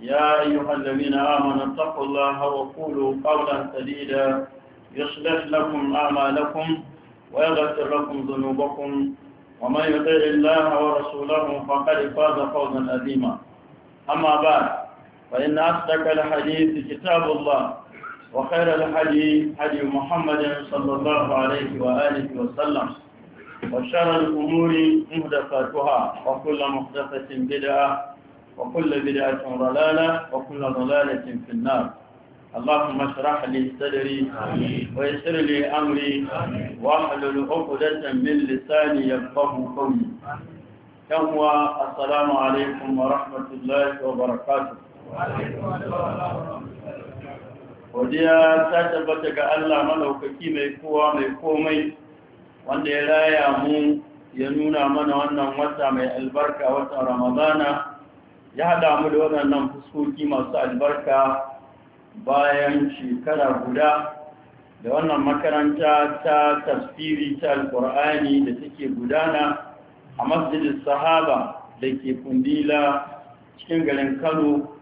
يا أيها الذين آمنوا اتقوا الله وقولوا قولا سديدا يصلح لكم أعمالكم ويغفر لكم ذنوبكم ومن يطع الله ورسوله فقد فاز فوزا عظيما أما بعد فإن أصدق الحديث كتاب الله وخير الحديث حديث محمد صلى الله عليه وآله وسلم وشر الأمور محدثاتها وكل محدثة بدعة وكل بدعة ضلالة وكل ضلالة في النار اللهم اشرح لي صدري ويسر لي أمري واحلل عقدة من لساني يفقه قولي كم السلام عليكم ورحمة الله وبركاته godiya ta tabbata ga Allah malaukaki mai kowa mai komai wanda ya raya mu ya nuna mana wannan wata mai ya haɗa mu da waɗannan fuskoki masu albarka bayan shekara guda da wannan makaranta ta tafsiri ta alƙur'ani da take gudana a masjidin sahaba da ke kundila cikin garin kano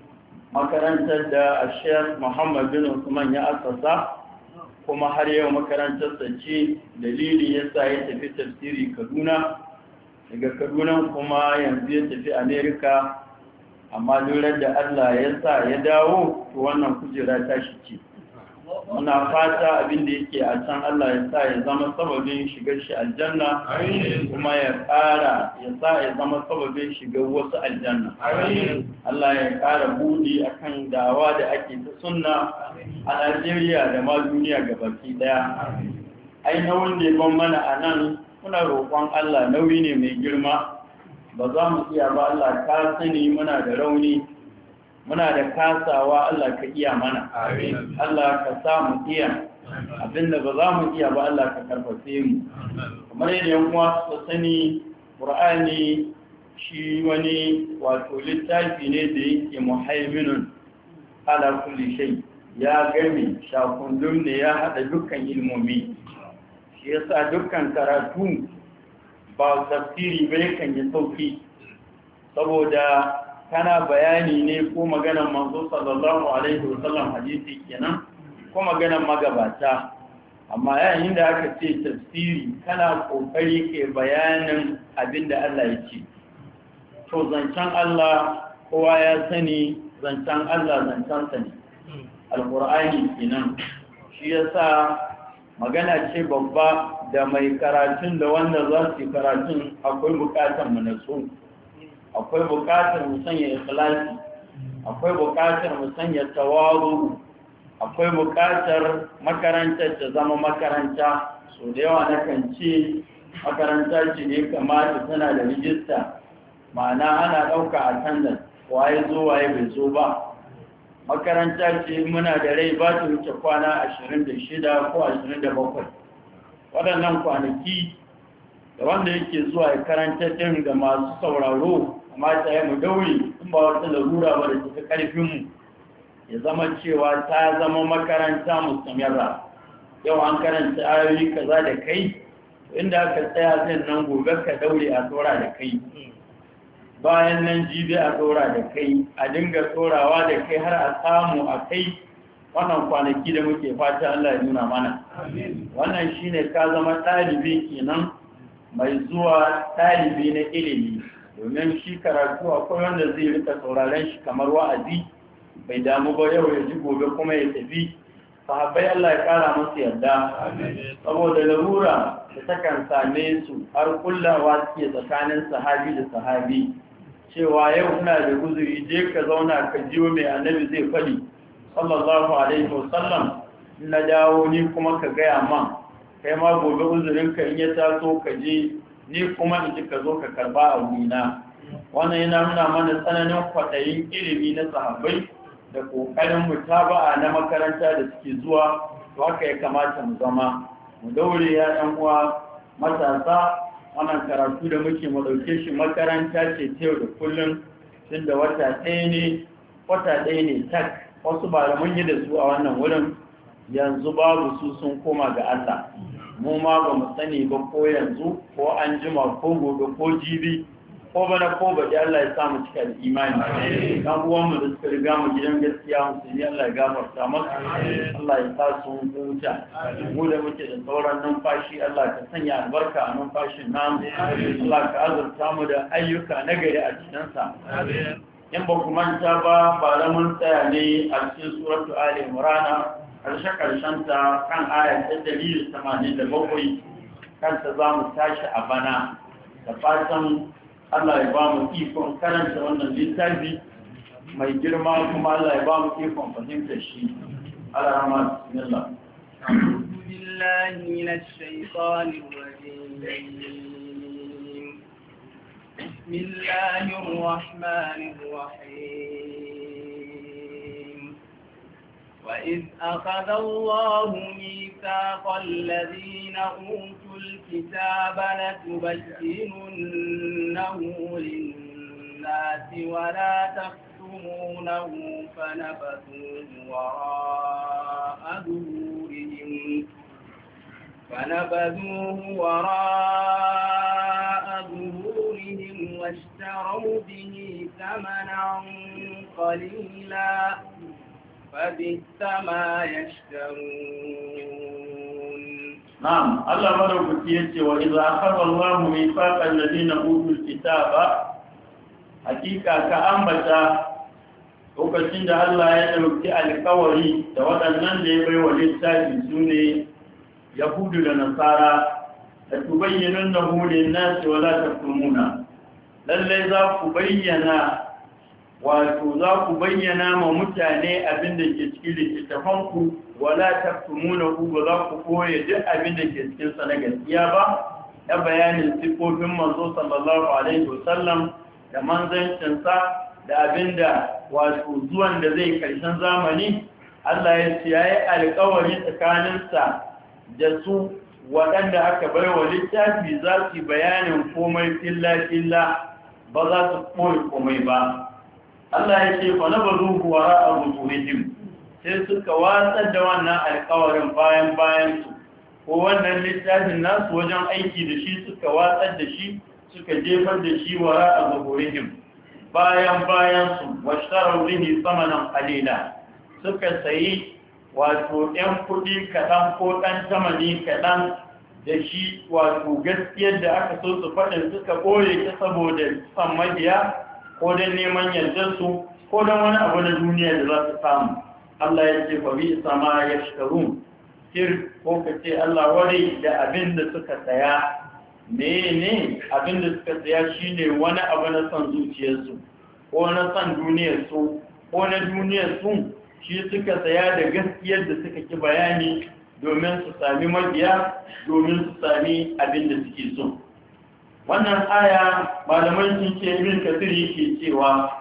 makarantar da ashir muhammad bin usman ya asasa kuma har yau makarantarsa ce dalilin ya sa ya tafi tafsiri kaduna daga kaduna kuma yanzu ya tafi america. amma lurar da Allah ya sa ya dawo to wannan kujera ta shi ce muna fata abinda yake a can Allah ya sa ya zama sababin shigar shi aljanna kuma ya ƙara ya sa ya zama sababin shigar wasu aljanna Allah ya ƙara buɗi akan dawa da ake ta sunna a Najeriya da ma duniya ga baki daya ai na wanda ya ban mana a nan muna roƙon Allah nauyi ne mai girma ba za mu iya ba Allah ka sani muna da rauni muna da kasawa Allah ka iya mana Allah ka sa mu iya abinda ba za mu iya ba Allah ka karfafe mu kamar yadda yan uwa su sani Qur'ani shi wani wato littafi ne da yake muhaiminun ala kulli shay ya gami shakundum ne ya hada dukkan ilmomi shi yasa dukkan karatu ba tafsiri ba yakan yi sauki saboda kana bayani ne ko maganar manzo sallallahu alaihi wasallam hadisi kenan ko maganar magabata amma yayin da aka ce tafsiri kana kokari ke bayanin abinda Allah ya ce to zancen Allah kowa ya sani zancen Allah zancen sa ne alqur'ani kenan shi yasa magana ce babba da mai karatun da wanda za su yi karatun akwai bukatar mu natsu akwai bukatar mu sanya ikhlasi akwai bukatar mu sanya tawaru akwai bukatar makarantar ta zama makaranta so da yawa na kan ce makaranta ce ne kamata tana da rijista ma'ana ana ɗauka a tandan waye zo waye bai zo ba makaranta ce muna da rai ba ta wuce kwana 26 ko 27 waɗannan kwanaki da wanda yake zuwa ya karanta ɗin ga masu sauraro amma ta yi mu daure in ba wata larura ba da tafi ƙarfinmu ya zama cewa ta zama makaranta musamman yau an karanta ayoyi kaza da kai inda aka tsaya zai nan gobe ka daure a tsora da kai bayan nan jibi a tsora da kai a dinga tsorawa da kai har a samu a kai wannan kwanaki da muke fata Allah ya nuna mana wannan shine ka zama ɗalibi kenan mai zuwa ɗalibi na ilimi domin shi karatu akwai wanda zai rika tsoraren shi kamar wa'azi bai damu ba yau ya ji gobe kuma ya tafi sahabbai Allah ya kara musu yadda. saboda larura da takan same su har kullawa suke tsakanin sahabi da sahabi cewa yau ina da guzuri je ka zauna ka jiwo mai annabi zai faɗi sallallahu alaihi wasallam na dawo ni kuma ka gaya man kai ma gobe uzurinka in ya taso ka je ni kuma in ji ka zo ka karba a wannan yana nuna mana tsananin kwaɗayin ilimi na sahabbai da ƙoƙarin mutaba'a na makaranta da suke zuwa to haka ya kamata mu zama mu daure ya ɗan uwa matasa wannan karatu da muke mu shi makaranta ce ta yau da kullum tun da wata ɗaya ne wata ɗaya ne tak wasu ba da mun yi da su a wannan wurin yanzu babu su sun koma ga Allah mu ma ba mu sani ba ko yanzu ko an jima ko gobe ko jibi ko bana ko baje Allah ya samu cika da imani dan uwan mu da suka riga mu gidan gaskiya musulmi Allah ya gafarta masa Allah ya sa su huta mu da muke da sauran numfashi Allah ka sanya albarka a numfashin namu Allah ka azurta mu da ayyuka nagari a cikin sa in ba ku manta ba ba da mun tsaya ne a cikin suratu ali imran karshe karshen ta kan aya ta 187 kanta za mu tashi a bana da fatan Allah ya ba mu ikon karanta wannan littafi mai girma kuma Allah ya ba mu ikon fahimtar shi alama bismillah أعوذ بالله من الشيطان الرجيم بسم الله الرحمن الرحيم وإذ أخذ الله ميثاق الذين أوتوا الكتاب لتبيننه للناس ولا تكتمونه فنبذوه وراء ظهورهم فنبذوه وراء ظهورهم واشتروا به ثمنا قليلا فبئس ما يشترون نعم الله ملوك يتي وإذا أخذ الله ميثاق الذين أوتوا الكتاب حقيقة كأنبتا lokacin da Allah ya ɗauki alƙawari da waɗannan da ya bai wa littafin su ne hudu da nasara da ku bayyana na hulun nasi za ta lallai za ku bayyana wato za ku bayyana ma mutane abin da ke cikin littattafanku wala taftumuna ku ba za ku koya duk abin da ke cikin sa na gaskiya ba na bayanin sifofin manzo sallallahu alaihi wasallam da manzancinsa da abinda. wato zuwan da zai karshen zamani Allah ya ce yayi alƙawari tsakaninsa da su waɗanda aka bai wa littafi za su bayanin komai filla-filla ba za su koyi komai ba Allah ya ce fa nabaru wara a rubuhihim sai suka watsar da wannan alƙawarin bayan bayan su ko wannan littafin nasu wajen aiki da shi suka watsar da shi suka jefar da shi wa a zuhurihim bayan bayan su washtaru bihi samanan qalila suka sayi wato ɗan kuɗi kaɗan ko ɗan tamani kaɗan da shi wato gaskiyar da aka so su faɗin suka ɓoye ta saboda san mabiya ko don neman yardarsu ko don wani abu na duniya da za su samu Allah ya ce fabi sama ya shkarun sir ko ka ce Allah wari da abin da suka saya mene abin da suka saya shine wani abu na son zuciyarsu ko na son duniyarsu ko na duniyarsu shi suka saya da gaskiyar da suka ki bayani domin su sami mabiya domin su sami abin da suke so wannan aya malaman sun ce bin kasiri ke cewa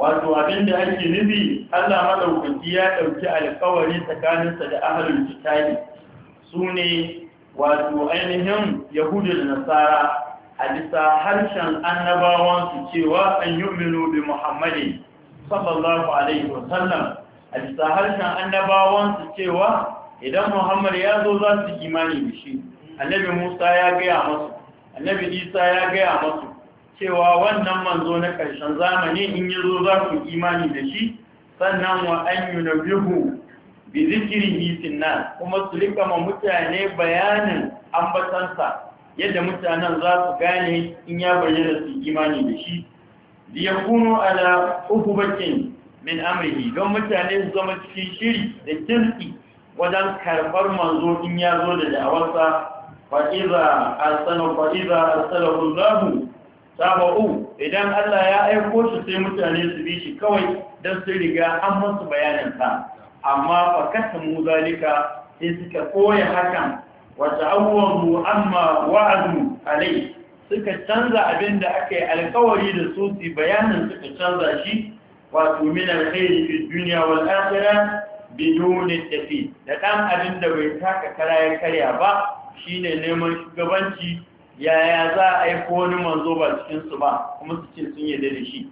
wato abinda ake nufi Allah maɗaukaki ya ɗauki alkawari tsakaninsa da ahlul kitabi sune wato ainihin yahudu da nasara a bisa harshen su cewa an yu'minu bi muhammadin sallallahu alaihi wasallam a bisa harshen annabawansu cewa idan muhammad ya zo za su imani da shi annabi musa ya gaya masu annabi isa ya gaya masu cewa wannan manzo na ƙarshen zamani in yi zo za ku imani da shi sannan wa an yi na bihu bi zikirin hitin nan kuma su ma mutane bayanin ambatansa yadda mutanen za su gane in ya bayyana su imani da shi da ya kuno ala uku bakin min amiri don mutane su zama cikin shiri da kirki wajen karɓar manzo in ya zo da da'awarsa fa'iza arsana fa'iza arsalahu Allah tabu idan Allah ya aiko shi sai mutane su bi shi kawai dan su riga an masu bayanin sa amma fa mu zalika sai suka koya hakan wa mu amma wa'adu alai suka canza abin da aka yi alkawari da su su bayanin suka canza shi wato min alkhairi fi dunya wal akhirah bidun tafi da dan abin da bai taka kara ya karya ba ne neman shugabanci yaya za a aiko wani manzo ba cikinsu ba kuma su ce sun yarda da shi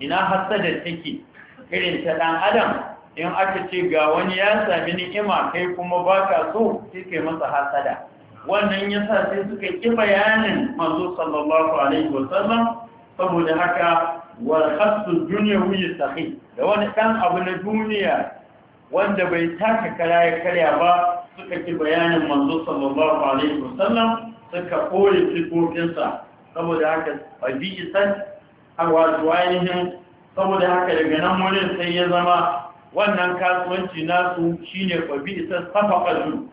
ina da take irin ta ɗan adam in aka ce ga wani ya sami ni'ima kai kuma ba ka so sai kai masa hasada wannan ya sa sai suka ƙi bayanin manzo sallallahu alaihi wasallam saboda haka wal khassu dunyawi sahi da wani ɗan abu na duniya wanda bai taka kara ya karya ba suka ki bayanin manzo sallallahu alaihi wasallam suka kore sifofinsa saboda haka abi isan a wato ainihin saboda haka daga nan wurin sai ya zama wannan kasuwanci nasu shine abi isan safaqatu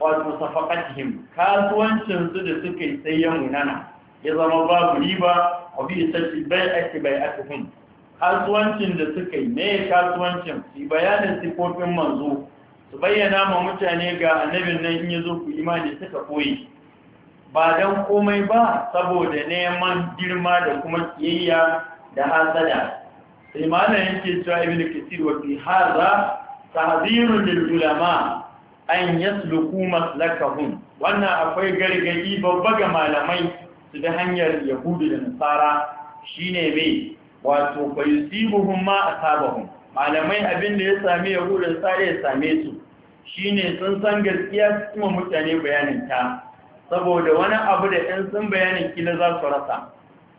wato safaqatihim kasuwancin su da suka yi sai ya munana ya zama babu riba ake bai ake bai'atuhum kasuwancin da suka yi me kasuwancin su bayanin sifofin manzo su bayyana ma mutane ga annabin nan in zo ku imani suka koyi ba don komai ba saboda neman girma da kuma kiyayya da hasada sai malam yake cewa da kasir wa fi hadha tahdhirun lil ulama an yasluku maslakahum wannan akwai gargadi babba ga malamai su da hanyar yahudu da nasara shine mai wato bai sibuhun ma a sabahun malamai abin da ya sami yahudun sare ya same su shine sun san gaskiya kuma mutane bayanin ta saboda wani abu da ɗan sun bayanin kila za su rasa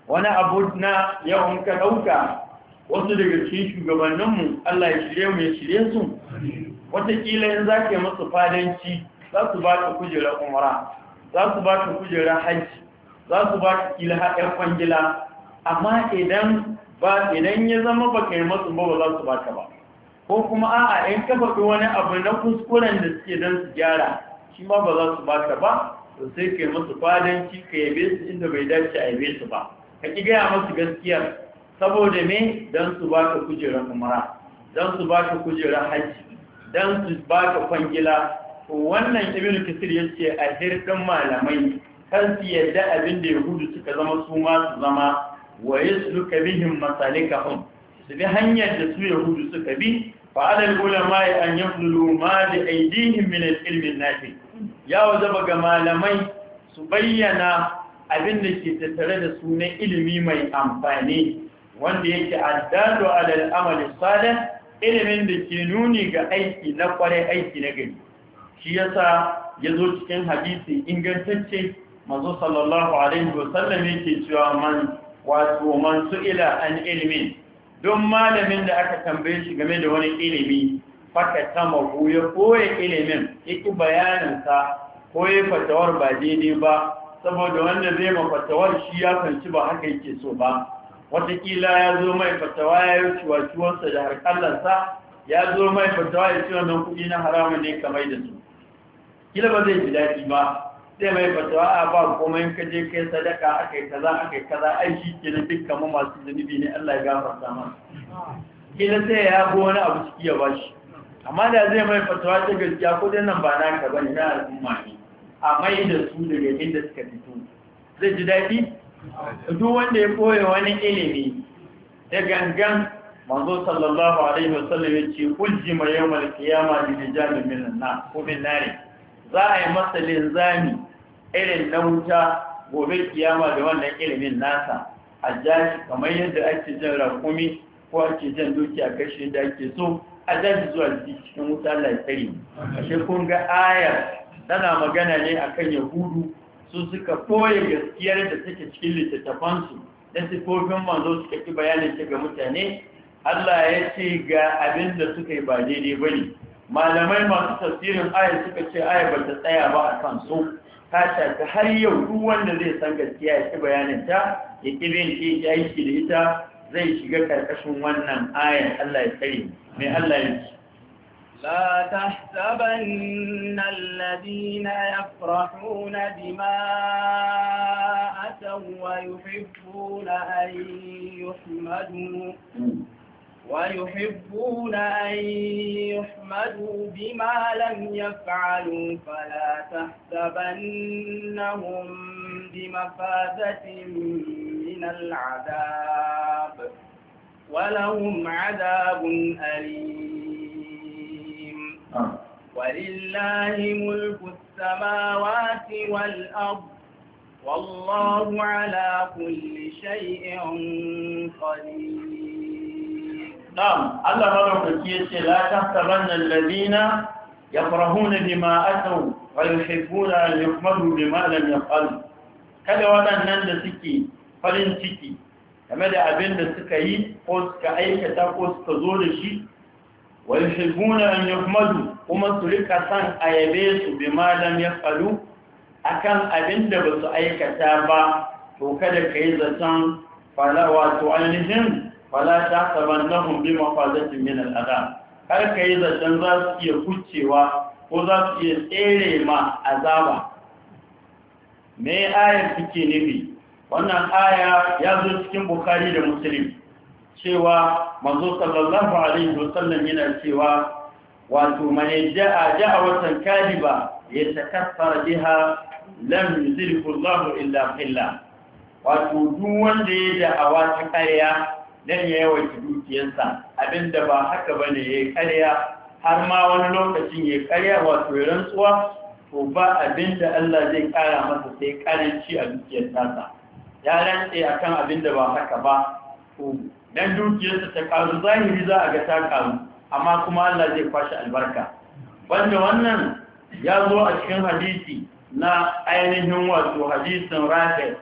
wani abu na yawan ka ɗauka wasu daga cikin shugabanninmu allah ya shirye mu ya shirye su watakila in za ka yi musu fadanci za su ba ka kujerar umara za su ba ka kujerar hajji za su ba ka kila haɗar kwangila amma idan ya zama ba kai masu ba ba za su baka ba ko kuma a'a in ka faɗi wani abu na kuskuren da suke don su gyara shi ma ba za su baka ba to sai kai masu fadanci ka yabe su inda bai dace a yabe su ba ka ki gaya masu gaskiya, saboda me don su baka kujerar umara don su baka kujerar hajji don su baka kwangila to wannan ibn kisir ya ce a hirɗin malamai kan su yadda abin da yahudu suka zama su ma su zama wa yasluka bihim masalikahum su bi hanyar da su yahudu suka bi fa alal ulama an yafdulu ma da aidihin min al nafi ya wajaba ga malamai su bayyana abin da ke tattare da su na ilimi mai amfani wanda yake addadu alal amali salih ilimin da ke nuni ga aiki na kwarai aiki na gari shi yasa ya zo cikin hadisi ingantacce manzo sallallahu alaihi wasallam yake cewa man wato man ila an ilimin, don malamin da aka tambaye shi game da wani ilimi faka tamahu ya koya ilimin yake bayaninsa ko ya fatawar ba daidai ba saboda wanda zai ma fatawar shi ya kanci ba haka yake so ba watakila ya zo mai fatawa ya yi ciwaciwarsa da harkallarsa ya zo mai fatawa ya ce wannan kuɗi na haramun ne kamar da su kila ba zai ji daɗi ba sai mai fatawa a ba kuma ka je kai sadaka aka yi kaza aka yi kaza ai shi ke na dukkan mu masu zunubi ne Allah ya gafarta mana kila sai ya go wani abu ciki ya bashi amma da zai mai fatawa ta gaskiya ko dai nan ba na ka bane na al'umma ne a mai da su daga inda suka fito zai ji daɗi duk wanda ya koyi wani ilimi da gangan manzo sallallahu alaihi wasallam ya ce uljima mai yawan kiyama da minan nan ko min nare za a yi masa linzami irin na wuta gobe kiyama da wannan ilimin nasa a jaji kamar yadda ake jan rakumi ko ake jan dukiya kashi da ake so a jaji zuwa cikin wuta lantarki a kun ga ayar tana magana ne a kan yahudu su suka koya gaskiyar da suke cikin littattafansu da sifofin manzo suka ki bayanin ta mutane Allah ya ce ga abin da suka yi ba daidai ba ne malamai masu tasirin ayar suka ce ayar ba ta tsaya ba a kan su ta har yau duk wanda zai san gaskiya ya ci bayanin ta ya ƙi bin shi ya aiki da ita zai shiga ƙarƙashin wannan ayan Allah ya tsare mai Allah ya ci لا تحسبن الذين يفرحون بما أتوا ويحبون أن يحمدوا ويحبون أن يحمدوا بما لم يفعلوا فلا تحسبنهم بمفازة من العذاب ولهم عذاب أليم آه. ولله ملك السماوات والأرض والله على كل شيء قدير na'am Allah madaukaki yace la tahsabanna alladhina yafrahuna bima atau wa yuhibbuna an yuhmadu bima lam yaf'alu kada waɗannan da suke farin ciki game da abin da suka yi ko suka aikata ko suka zo da shi wa yuhibbuna an yuhmadu kuma su rika san ayabe su bima lam yaf'alu akan abin da ba su aikata ba to kada ka yi zaton wato to ainihin Wala ta saban na bi mafazatin min al'ada kar ka yi zaton za su iya kucewa ko za su iya tsere ma azaba me ayar suke nufi wannan aya ya zo cikin bukari da musulun. cewa manzo sallallahu alaihi wasallam yana cewa wato mai ja'a watan kadiba ya takaffara biha lam yuzilhu Allah illa billah wato duk wanda ya da'awa ta ƙarya Nan ya yawaita dukiyarsa abinda ba haka bane yi karya har ma wani lokacin ya karya wato ya rantsuwa to ba abinda Allah zai kara masa sai karanci a dukiyar tasa ya rantse akan abinda ba haka ba to dan dukiyarsa ta karu zahiri za a ga ta karu amma kuma Allah zai kwashi albarka wanda wannan ya zo a cikin hadisi na ainihin wato hadisin Rafi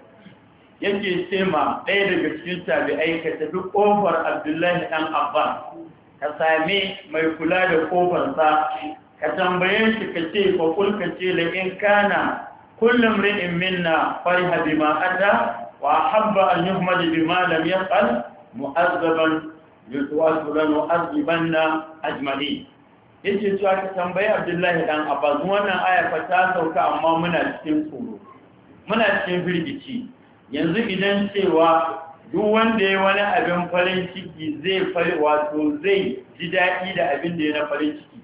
yake sema ma ɗaya daga cikin tabi'ai aikata duk ƙofar abdullahi ɗan abbas ka sami mai kula da ƙofarsa ka tambaye shi ka ce ko ka ce da in kana kullum ri'in minna farha bima ata wa habba an yuhmad bima lam yaqal mu'azzaban yutuwasu lan mu'azzibanna ajma'in yace cewa ka tambaye abdullahi ɗan abbas wannan aya fa ta sauka amma muna cikin tsoro muna cikin firgici yanzu idan cewa duk wanda ya wani abin farin ciki zai fari wato zai ji daɗi da abin da ya na farin ciki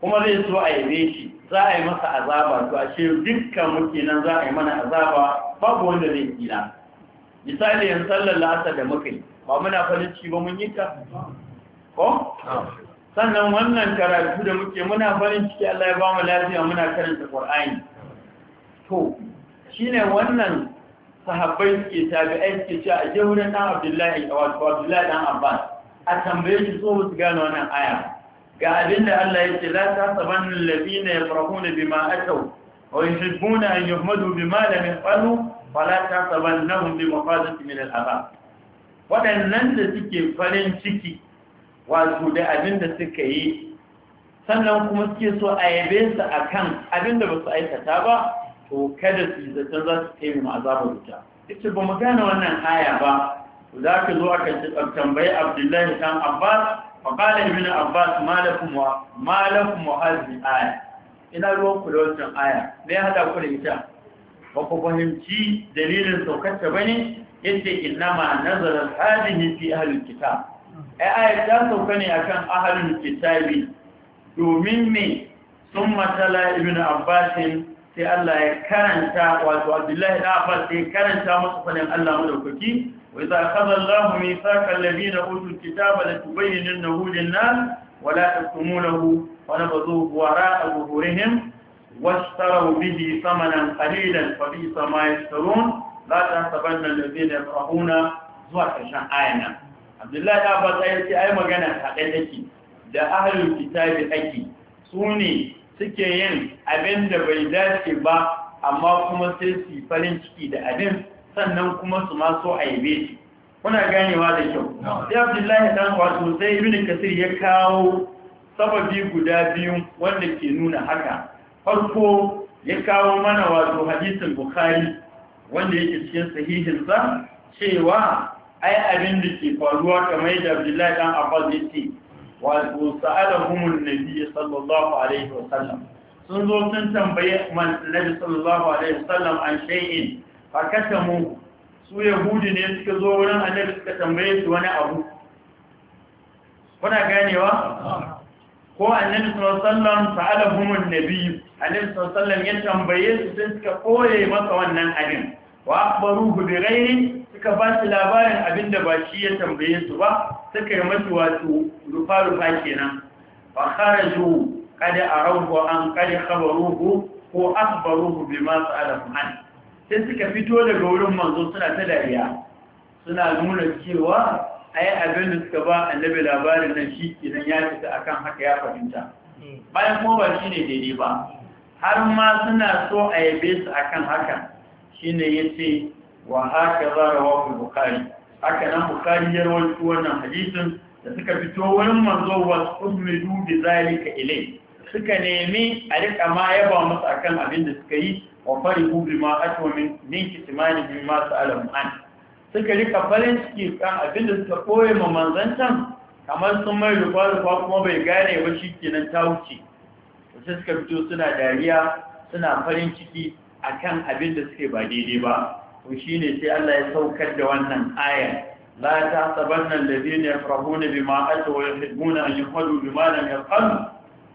kuma zai so a yabe shi za a yi masa azaba to a ce dukkan muke nan za a yi mana azaba babu wanda zai tsira misali yan sallar lasa da muka yi ba muna farin ciki ba mun yi ka? ko sannan wannan karatu da muke muna farin ciki Allah ya ba mu lafiya muna karanta Qur'ani to shine wannan sahabbai suke tabi'ai suke ce a je wurin abdullahi Abdullahi wato Abdullahi ɗan Abbas a tambaye shi so su gane wannan aya ga abin da Allah yake la tasabanna alladhina yafrahuna bima ataw wa yuhibbuna an yuhmadu bima lam yafalu fala tasabannahum bi mafadati min al-azab waɗannan da suke farin ciki wato da abin da suka yi sannan kuma suke so a yabe su akan abin da ba su aikata ba to kada su zaton za su kai mu azabar wuta ita ba mu gane wannan aya ba za ka zo aka tambayi abdullahi kan abbas faƙalar ibn abbas malakun muhazzi aya ina ruwan ku da wancan aya me ya haɗa ku da ita ba ku fahimci dalilin saukarta ba ne yadda inna ma nazarar hadihi fi ahalin kita ai aya ta sauka ne akan ahalin kitabi domin me sun matala ibn abbasin sai Allah ya karanta wato Abdullahi da Abbas sai karanta musu fadin Allah madaukaki wa idza akhadha Allahu mithaqal ladina utul kitaba latubayyinannahu lin-nas wa la taktumunahu wa nabadhuhu wara'a zuhurihim واشتروا به ثمنا قليلا فبئس ما يشترون لا تحسبن الذين يفرحون zuwa ƙarshen ayana abdullahi da abbas ya ce ai magana haɗe take da ahlul kitabi ake su ne suke yin abin da bai dace ba amma kuma sai su farin ciki da abin sannan kuma su maso yabe shi kuna ganewa da kyau sai abdullahi dan wato sai ibn kasir ya kawo sababi guda biyu wanda ke nuna haka farko ya kawo mana wato hadisin bukhari wanda yake cikin sahihin sa cewa ai abin da ke faruwa kamar da abdullahi dan abbas yace wato sa'alahumun nabi sallallahu alaihi wasallam sun zo sun tambaye nabi sallallahu alaihi wasallam an shay'in mu su yahudi ne suka zo wurin annabi suka tambaye su wani abu kuna ganewa ko annabi sallallahu alaihi wasallam sa'alahumun nabi annabi sallallahu alaihi wasallam ya tambaye su sun suka koye masa wannan abin wa akhbaruhu bi ghairi suka ba shi labarin abin da ba shi ya tambaye su ba suka yi masu wato rufa-rufa kenan ba kare zuwu, kada a rauhu an kada kabaruhu ko akbaruhu bi masu alamuhan sai suka fito daga wurin manzo suna ta dariya suna nuna cewa ai abin da suka ba annabi labarin nan shi idan ya fita akan haka ya fahimta bayan kuma ba shi ne daidai ba har ma suna so a yabe su akan haka ya ce. wa haka za kuma bukari haka nan bukari ya rawaito wannan hadisun da suka fito wurin manzo wa dubi bi zalika ilay suka nemi a rika ma yaba musu akan abin da suka yi wa farihu bima atwa min min kitmani bima sa'alam an suka rika farin ciki kan abin da suka koye ma manzantan kamar sun mai rufa rufa kuma bai gane ba shi kenan ta wuce sai suka fito suna dariya suna farin ciki akan abin da suke ba daidai ba to shine sai Allah ya saukar da wannan ayar la tahsabanna alladhina yafrahuna bima atu wa yuhibbuna an yuhadu bima lam yafhamu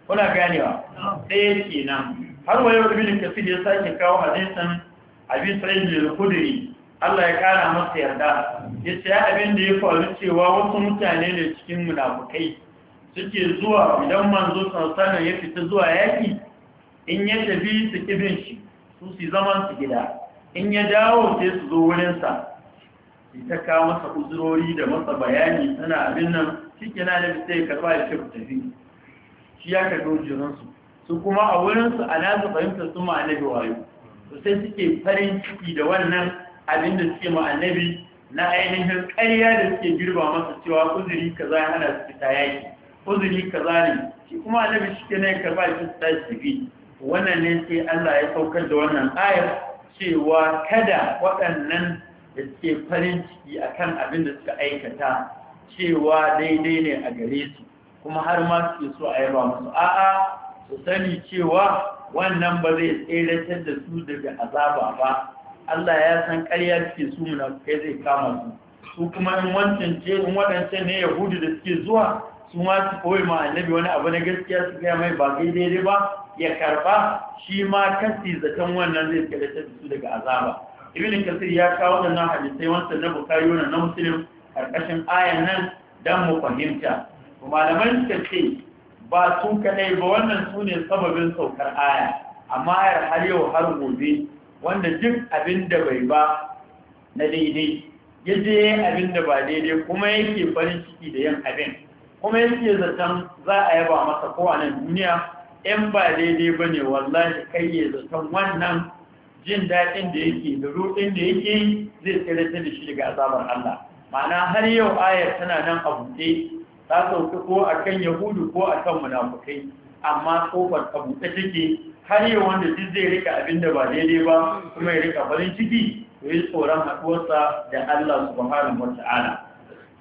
kuna ganewa ɗaya kenan har wa yau ibn kasir ya sake kawo hadisan abin sa'id al-khudri Allah ya kara masa yarda ya ce abin da ya faru cewa wasu mutane ne cikin munafukai suke zuwa idan manzo sallallahu ya fita zuwa yaki in ya tafi su kibin shi su su zaman su gida in ya dawo sai su zo wurinsa in ta kawo masa uzurori da masa bayani tana abin nan cikin na da sai karba ya ce ku tafi shi ya karbi ransu. su kuma a wurinsu a nasu fahimtar su ma'anabi wayo Su sai suke farin ciki da wannan abin da suke ma'anabi na ainihin ƙarya da suke girba masa cewa uzuri za ya hana su fita yaki uzuri za ne shi kuma annabi shi na ya karɓa shi ta tafi wannan ne sai Allah ya saukar da wannan ayar cewa kada waɗannan da suke farin ciki akan abin da suka aikata cewa daidai ne a gare su kuma har ma suke so a yaba musu a'a su sani cewa wannan ba zai tseratar da su daga azaba ba Allah ya san ƙarya suke su munafukai zai kama su su kuma in wancan ce in waɗancan ne yahudu da suke zuwa su ma su koyi ma annabi wani abu na gaskiya su gaya mai ba daidai ba ya karba shi ma kasi zaton wannan zai tsirata su daga azaba ibn kasir ya kawo wannan hadisi wanda na bukari wannan na muslim karkashin ayan nan dan mu fahimta malaman suka ce ba su kadai ba wannan sune sababin saukar aya amma ayar har yau har gobe wanda duk abin da bai ba na daidai ya je abin da ba daidai kuma yake farin ciki da yin abin kuma yake zaton za a yaba masa kowa nan duniya in ba daidai ba ne wallahi kai ya zaton wannan jin daɗin da yake da ruɗin da yake zai ta da shi daga azabar Allah ma'ana har yau ayar tana nan a buɗe ta sauka ko a kan yahudu ko a kan munafukai amma kofar a buɗe take har yau wanda duk zai rika abin da ba daidai ba kuma ya rika farin ciki to yi tsoron haɗuwarsa da Allah subhanahu wa ta'ala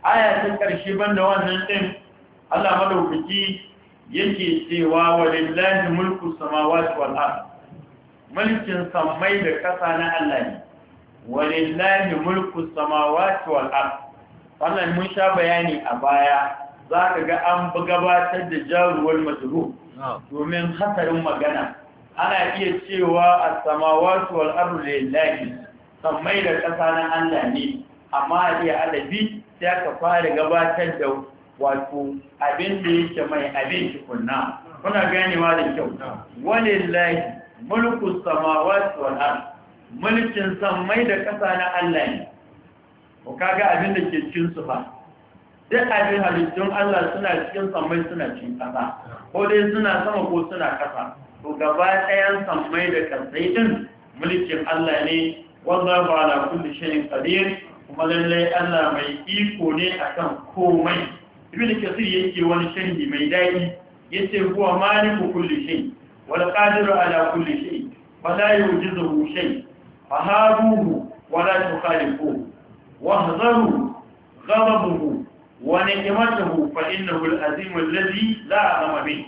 aya ta ƙarshe banda wannan ɗin Allah madaukaki yake cewa walillahi mulku samawati wal ard mulkin samai da kasa na Allah ne walillahi mulku samawati wal ard wannan mun sha bayani a baya zaka ga an gabatar da jaruwar majru domin hasarin magana ana iya cewa as-samawati wal ard lillahi sammai da kasa na Allah ne amma iya adabi sai ka fara gabatar da wato abin da yake mai abin kunna, kuna ganewa da kyau walillahi mulku samawati wal ard mulkin samai da kasa na Allah ne ko kaga abin da ke cikin su fa duk abin halittun Allah suna cikin samai suna cikin kasa ko dai suna sama ko suna kasa to gaba ɗayan samai da kasai din mulkin Allah ne wallahu ala kulli shay'in qadir kuma lallai Allah mai iko ne akan komai ibn kasir yake wani sharhi mai daɗi yace huwa maliku kulli shay wal qadiru ala kulli shay fala yujizuhu shay fahabuhu wala tukhalifuhu wahzaru ghadabuhu wa ni'matuhu fa innahu al-azim alladhi la amama bih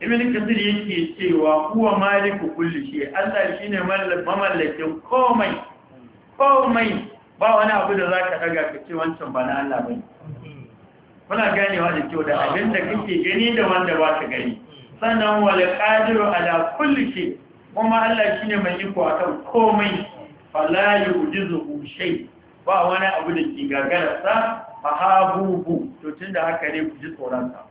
ibn kasir yake cewa huwa maliku kulli shay Allah shine mamallakin komai komai ba wani abu da zaka daga ka wancan ba na Allah bane kuna ganewa da kyau da abin da kake gani da wanda ba ka gani sannan wale ƙadiru ala kulli shi kuma Allah shi ne mai iko akan komai falayi ujizu hushai ba wani abu da ke gagararsa a habubu to tun da haka ne ku ji tsoronsa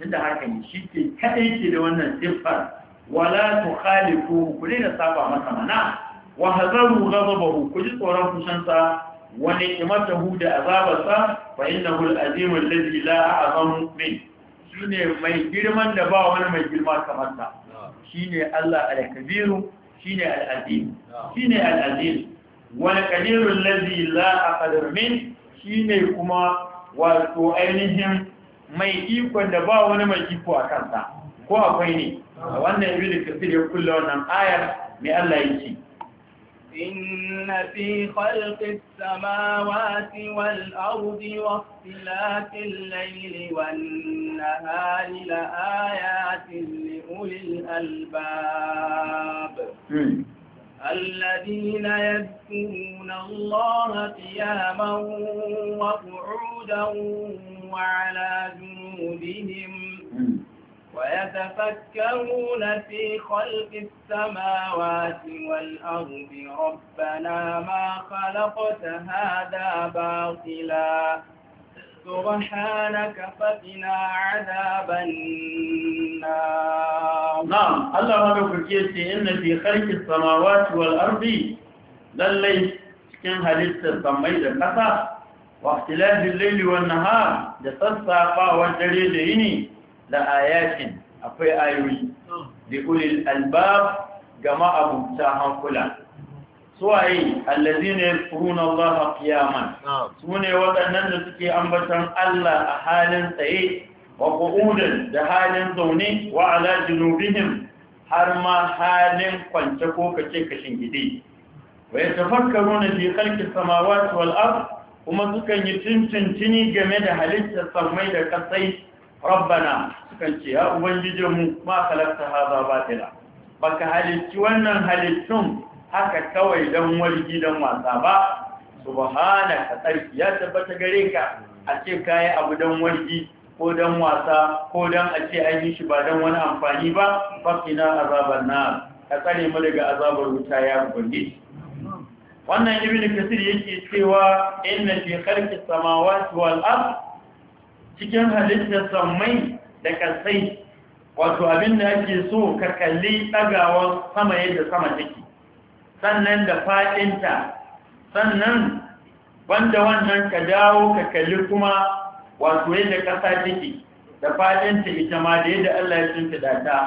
tun da haka ne shi ke kaɗai ke da wannan siffar wala tu khalifu ku ne da saba masa mana wa hazaru ghadabahu ku ji tsoron kusansa. wani imatahu da azabarsa fa innahu al-azim alladhi la a'zamu min ne mai girman da ba wani mai girma kamar shi ne Allah al-kabiru shine al-azim shine al wani kadirun lazi la a ƙadarmin shi ne kuma wato ainihin mai ikon da ba wani mai iko a kansa ko akwai ne a wannan ibi da kafir ya kulla wannan ayar mai Allah ya ce إن في خلق السماوات والأرض واختلاف الليل والنهار لآيات لأولي الألباب الذين يذكرون الله قياما وقعودا وعلى جنوبهم ويتفكرون في خلق السماوات والأرض ربنا ما خلقت هذا باطلا سبحانك فقنا عذاب النار نعم الله ما بفكيتي إن في خلق السماوات والأرض للي كان هلست السمي لكسا واختلاف الليل والنهار لتصفى والدليل إني Da ayatin akwai ayoyi da ulil albab ga ma'abuta hankula suwaye allazina yadhkuruna Allah qiyaman sune waɗannan da suke ambaton Allah a halin tsaye wa qu'udan da halin zaune wa ala junubihim har ma halin kwance ko kace kashin gidi wa yatafakkaruna fi khalqi samawati wal ard kuma sukan yi tintintini game da halittar samai da kasai rabbana sukan ce ya ubangijinmu ma ba haza batila baka halicci wannan halittun haka kawai don wargi don wasa ba ka tsarki ya tabbata gare ka a ce yi abu don wargi ko don wasa ko don a ce an yi shi ba don wani amfani ba fakina azabar na ka tsare mu daga azabar wuta ya ubangiji wannan ibn kasir yake cewa inna fi khalqis samawati wal ardh cikin halittar sammai da kasai wato abin da ake so ka kalli ɗagawar sama yadda sama take sannan da faɗinta sannan wanda wannan ka dawo ka kalli kuma wato yadda ƙasa take da faɗinta ita ma da yadda Allah ya shimfiɗa ta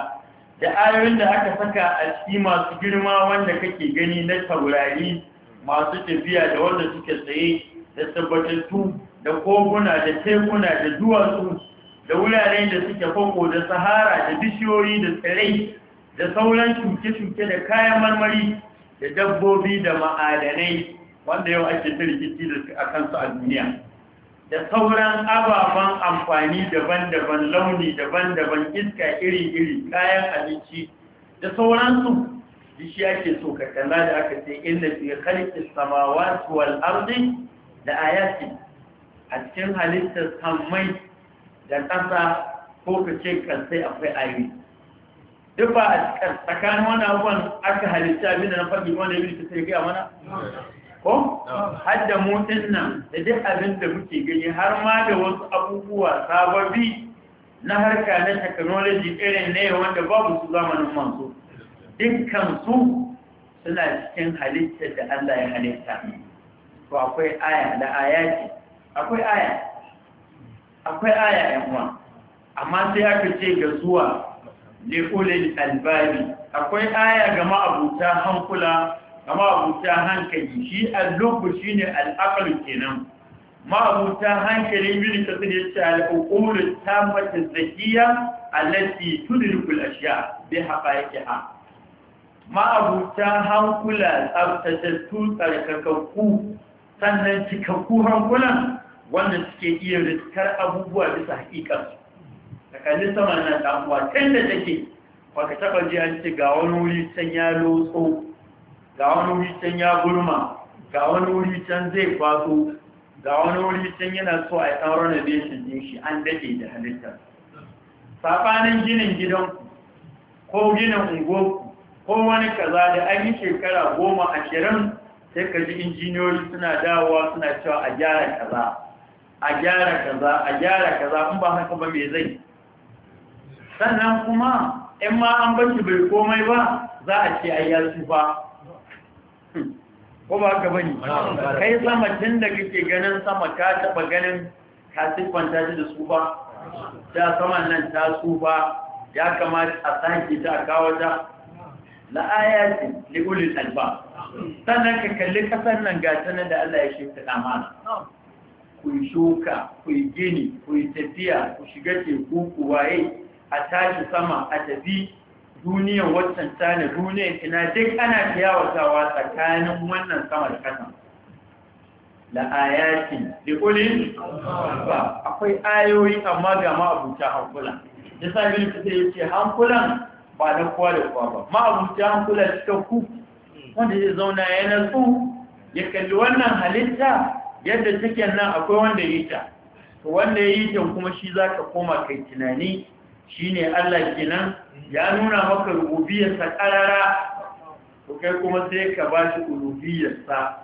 da ayoyin da aka saka a ciki masu girma wanda kake gani na taurari masu tafiya da wanda suke tsaye da tabbatattu da koguna da tekuna da duwatsu da wuraren da suke fako da sahara da bishiyoyi da tsirai da sauran shuke-shuke da kayan marmari da dabbobi da ma'adanai wanda yau ake ta rikici da a kansu a duniya da sauran ababen amfani daban-daban launi daban-daban iska iri-iri kayan abinci da sauransu da shi ake so ka kalla da aka ce inda fi halittar samawa wal ardi da ayati a cikin halittar samai da ƙasa ko ka ce kansai akwai ayoyi duk ba a tsakanin wani abubuwan aka halitta abin da na faɗi wanda ya ta sai gaya mana ko hadda motsin nan da duk abin da muke gani har ma da wasu abubuwa sababi na harka na technology irin ne wanda babu su zamanin manzo dukkan su suna cikin halittar da Allah ya halitta to akwai aya da ayati akwai aya akwai aya uwa, amma sai aka ce ga zuwa ne lekulil albabi akwai aya ga ma'abuta hankula ga ma'abuta hankali shi al-lubbu shine al-aqlu kenan ma'abuta hankali bin kasir yace al-umuru tammatu zakiya allati tudrikul ashya bi haqaiqiha ma'abuta hankula tsaftatattu tsarkakakku sannan cikakku hankulan wannan suke iya riskar abubuwa bisa hakikansu takalli sama na damuwa can da take ba ka taɓa ji an ce ga wani wuri can ya lotso ga wani wuri can ya gurma ga wani wuri can zai faso, ga wani wuri can yana so a yi ɗan renovation ɗin shi an daɗe da halittar safanin ginin gidanku ko ginin unguwarku ko wani kaza da an yi shekara goma ashirin sai ka ji injiniyoyi suna dawowa suna cewa a gyara kaza a gyara kaza a gyara kaza in ba haka ba me zai sannan kuma in ma an bashi bai komai ba za a ce a ya ba ko ba ka bane kai sama tun da kake ganin sama ka taba ganin ka sifanta ta da ba da saman nan ta ba ya kamata a sake ta a kawo ta la'ayati li'ulil albab sannan ka kalli kasar nan ga sanar da Allah ya shimfiɗa mana ku yi shuka ku gini ku tafiya ku shiga teku ku waye a tashi sama a tafi duniyan waccan tana duniyan ina duk ana tiyawatawa tsakanin wannan sama da ayati, da kuli? ba akwai ayoyi amma ga ma'abuta hankula ya sami kusa ya hankulan ba na kowa da kowa ba ma'abuta hankula cikin kuku wanda zai zauna ya nasu ya kalli wannan halitta yadda take nan akwai wanda yi ta to wanda ya yi ta kuma shi za ka koma kai tunani shi ne Allah nan ya nuna maka rububiyarsa ƙarara to kai kuma sai ka ba shi rububiyarsa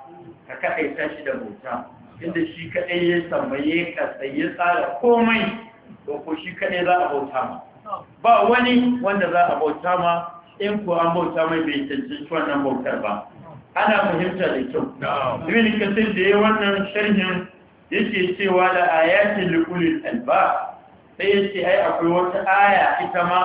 ka kaɗaita shi da bauta inda shi kaɗai ya tambaye ka tsaye tsara komai to ko shi kaɗai za a bauta ma ba wani wanda za a bauta ma in ko an bauta mai bai cancanci wannan bautar ba ana fahimta da kyau ibn kasir da ya wannan sharhin yake cewa da ayatin liqulil alba sai ya ce ai akwai wata aya ita ma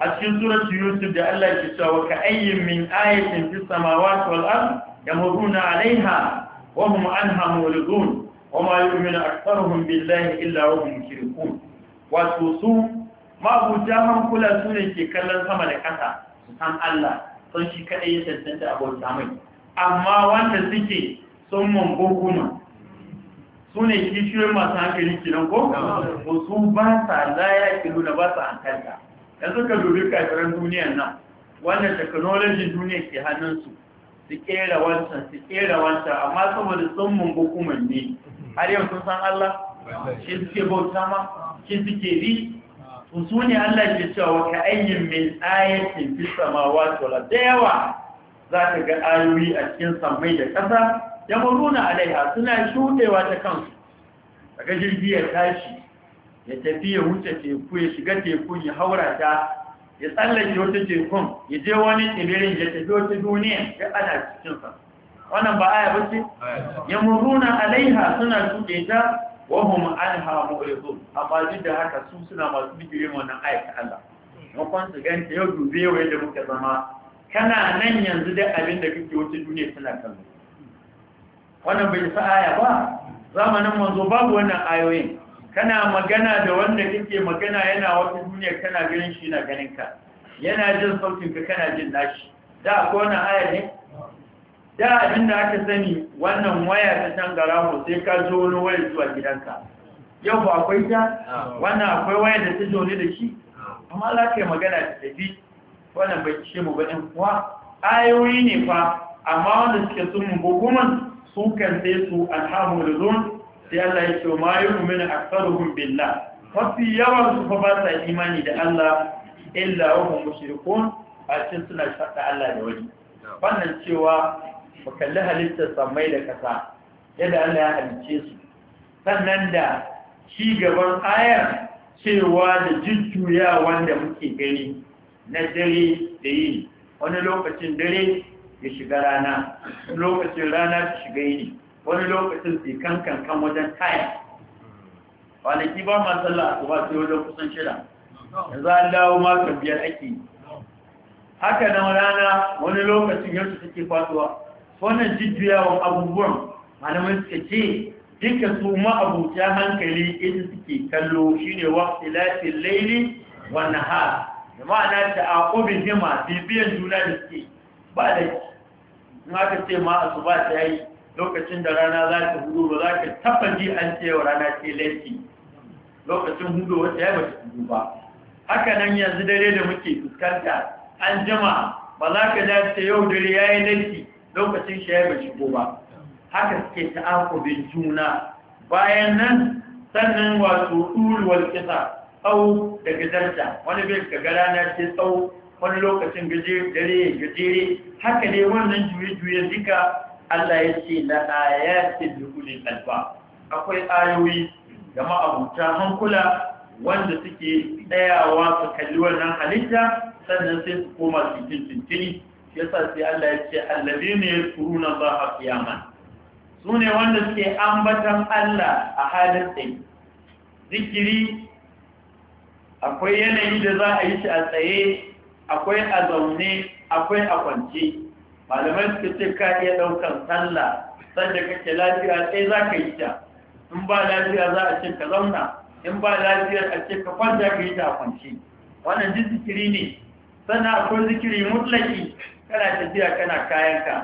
a cikin suratu yusuf da Allah ke cewa ka ayyin min ayatin fis samawati wal ard yamuruna 'alayha wa hum 'anha muridun wa ma yu'minu aktharuhum billahi illa wa hum mushrikun wato su mabuta hankula su ne ke kallon sama da ƙasa su san Allah sun shi kaɗai ya abu abota mai amma wanda suke sun mambukuna su ne kishiyoyin masu hankali kinan ko su ba sa laya ke nuna ba sa hankalta yanzu ka dubi kafiran duniyar nan wannan teknolojin duniya ke hannunsu su kera wancan su kera wancan amma saboda sun mumbu ne har yau sun san Allah shi suke bauta ma shi suke bi su ne Allah ke cewa wata ayyin min ayatin fi samawati wala da za ka ga ayoyi a cikin samai da ƙasa ya maruna alaiha suna shudewa ta kansu daga jirgi ya tashi ya tafi ya wuce teku ya shiga teku ya haura ta ya tsallake wata tekun ya je wani tsibirin ya tafi wata duniya ya ana cikinsa wannan ba aya ba ce ya muruna alaiha suna shuɗe ta hum anha mu'ridun amma duk da haka su suna masu bijire wannan ayyuka Allah makon su ganta yau dubi yau yadda muka zama kana nan yanzu da abin da kake wuce duniya tana kallo wannan bai sa aya ba zamanin manzo babu wannan ayoyin kana magana da wanda kake magana yana wata duniya kana ganin shi yana ganin ka yana jin sautin ka kana jin nashi da ko wannan aya ne da abin da aka sani wannan waya ta tangaraho sai ka zo wani waya zuwa gidanka yau ba akwai ta wannan akwai waya da ta zaune da shi amma za ka yi magana da tafi wannan bai ce mu baɗin kuwa ayoyi ne fa amma wanda suke sun mu hukuman su kan sai su alhamu da zuwan sai Allah ya ce ma yi rumina a tsaruhun billah mafi yawan su fa ba sa imani da Allah illa wa mushrikun a cikin suna shaɗa Allah da waje. wannan cewa mu kalli halittar samai da ƙasa yadda Allah ya halice su sannan da shi gaban ayar cewa da jujjuya wanda muke gani na dare da yi wani lokacin dare ya shiga rana wani lokacin rana ta shiga yi wani lokacin sai kankan kan wajen taya kwanaki ba ma sallah a ba sai wajen kusan shida za a dawo makon biyar ake haka nan rana wani lokacin yanzu take faduwa wannan wa abubuwan malamai suka ce duka su ma'abuta hankali idan suke kallo shine waqti lafil laili wan nahar da ma'ana ta'aqubin hima bibiyan juna da suke ba da in aka ce ma asuba ta yi lokacin da rana za ta hudu ba za ka taba ji an ce wa rana ce laifi lokacin hudu wata ya bata hudu ba haka nan yanzu dare da muke fuskanta an jima ba za ka dace yau dare ya yi laifi lokacin shi ya bai shigo ba haka suke ta'akubin juna bayan nan sannan wato ɗuruwar kisa tsawo da gizarta wani bai ga na ce tsawo wani lokacin gajere gajere haka ne wannan juye-juye duka Allah ya ce na ayatin dukulin alba akwai ayoyi da ma'abuta hankula wanda suke tsayawa su kalli wannan halitta sannan sai su koma su tintintini yasa sai Allah ya ce alladhina yadhkuruna Allaha Su sune wanda suke ambatan Allah a halin ɗin. zikiri akwai yanayi da za a yi shi a tsaye akwai a zaune akwai a kwance malamai suka ce ka iya ɗaukar sallah sanda kake lafiya sai za ka yi ta in ba lafiya za a ce ka zauna in ba lafiya a ce ka kwanta ka yi ta a kwance wannan zikiri ne sannan akwai zikiri mutlaki kana tafiya kana kayanka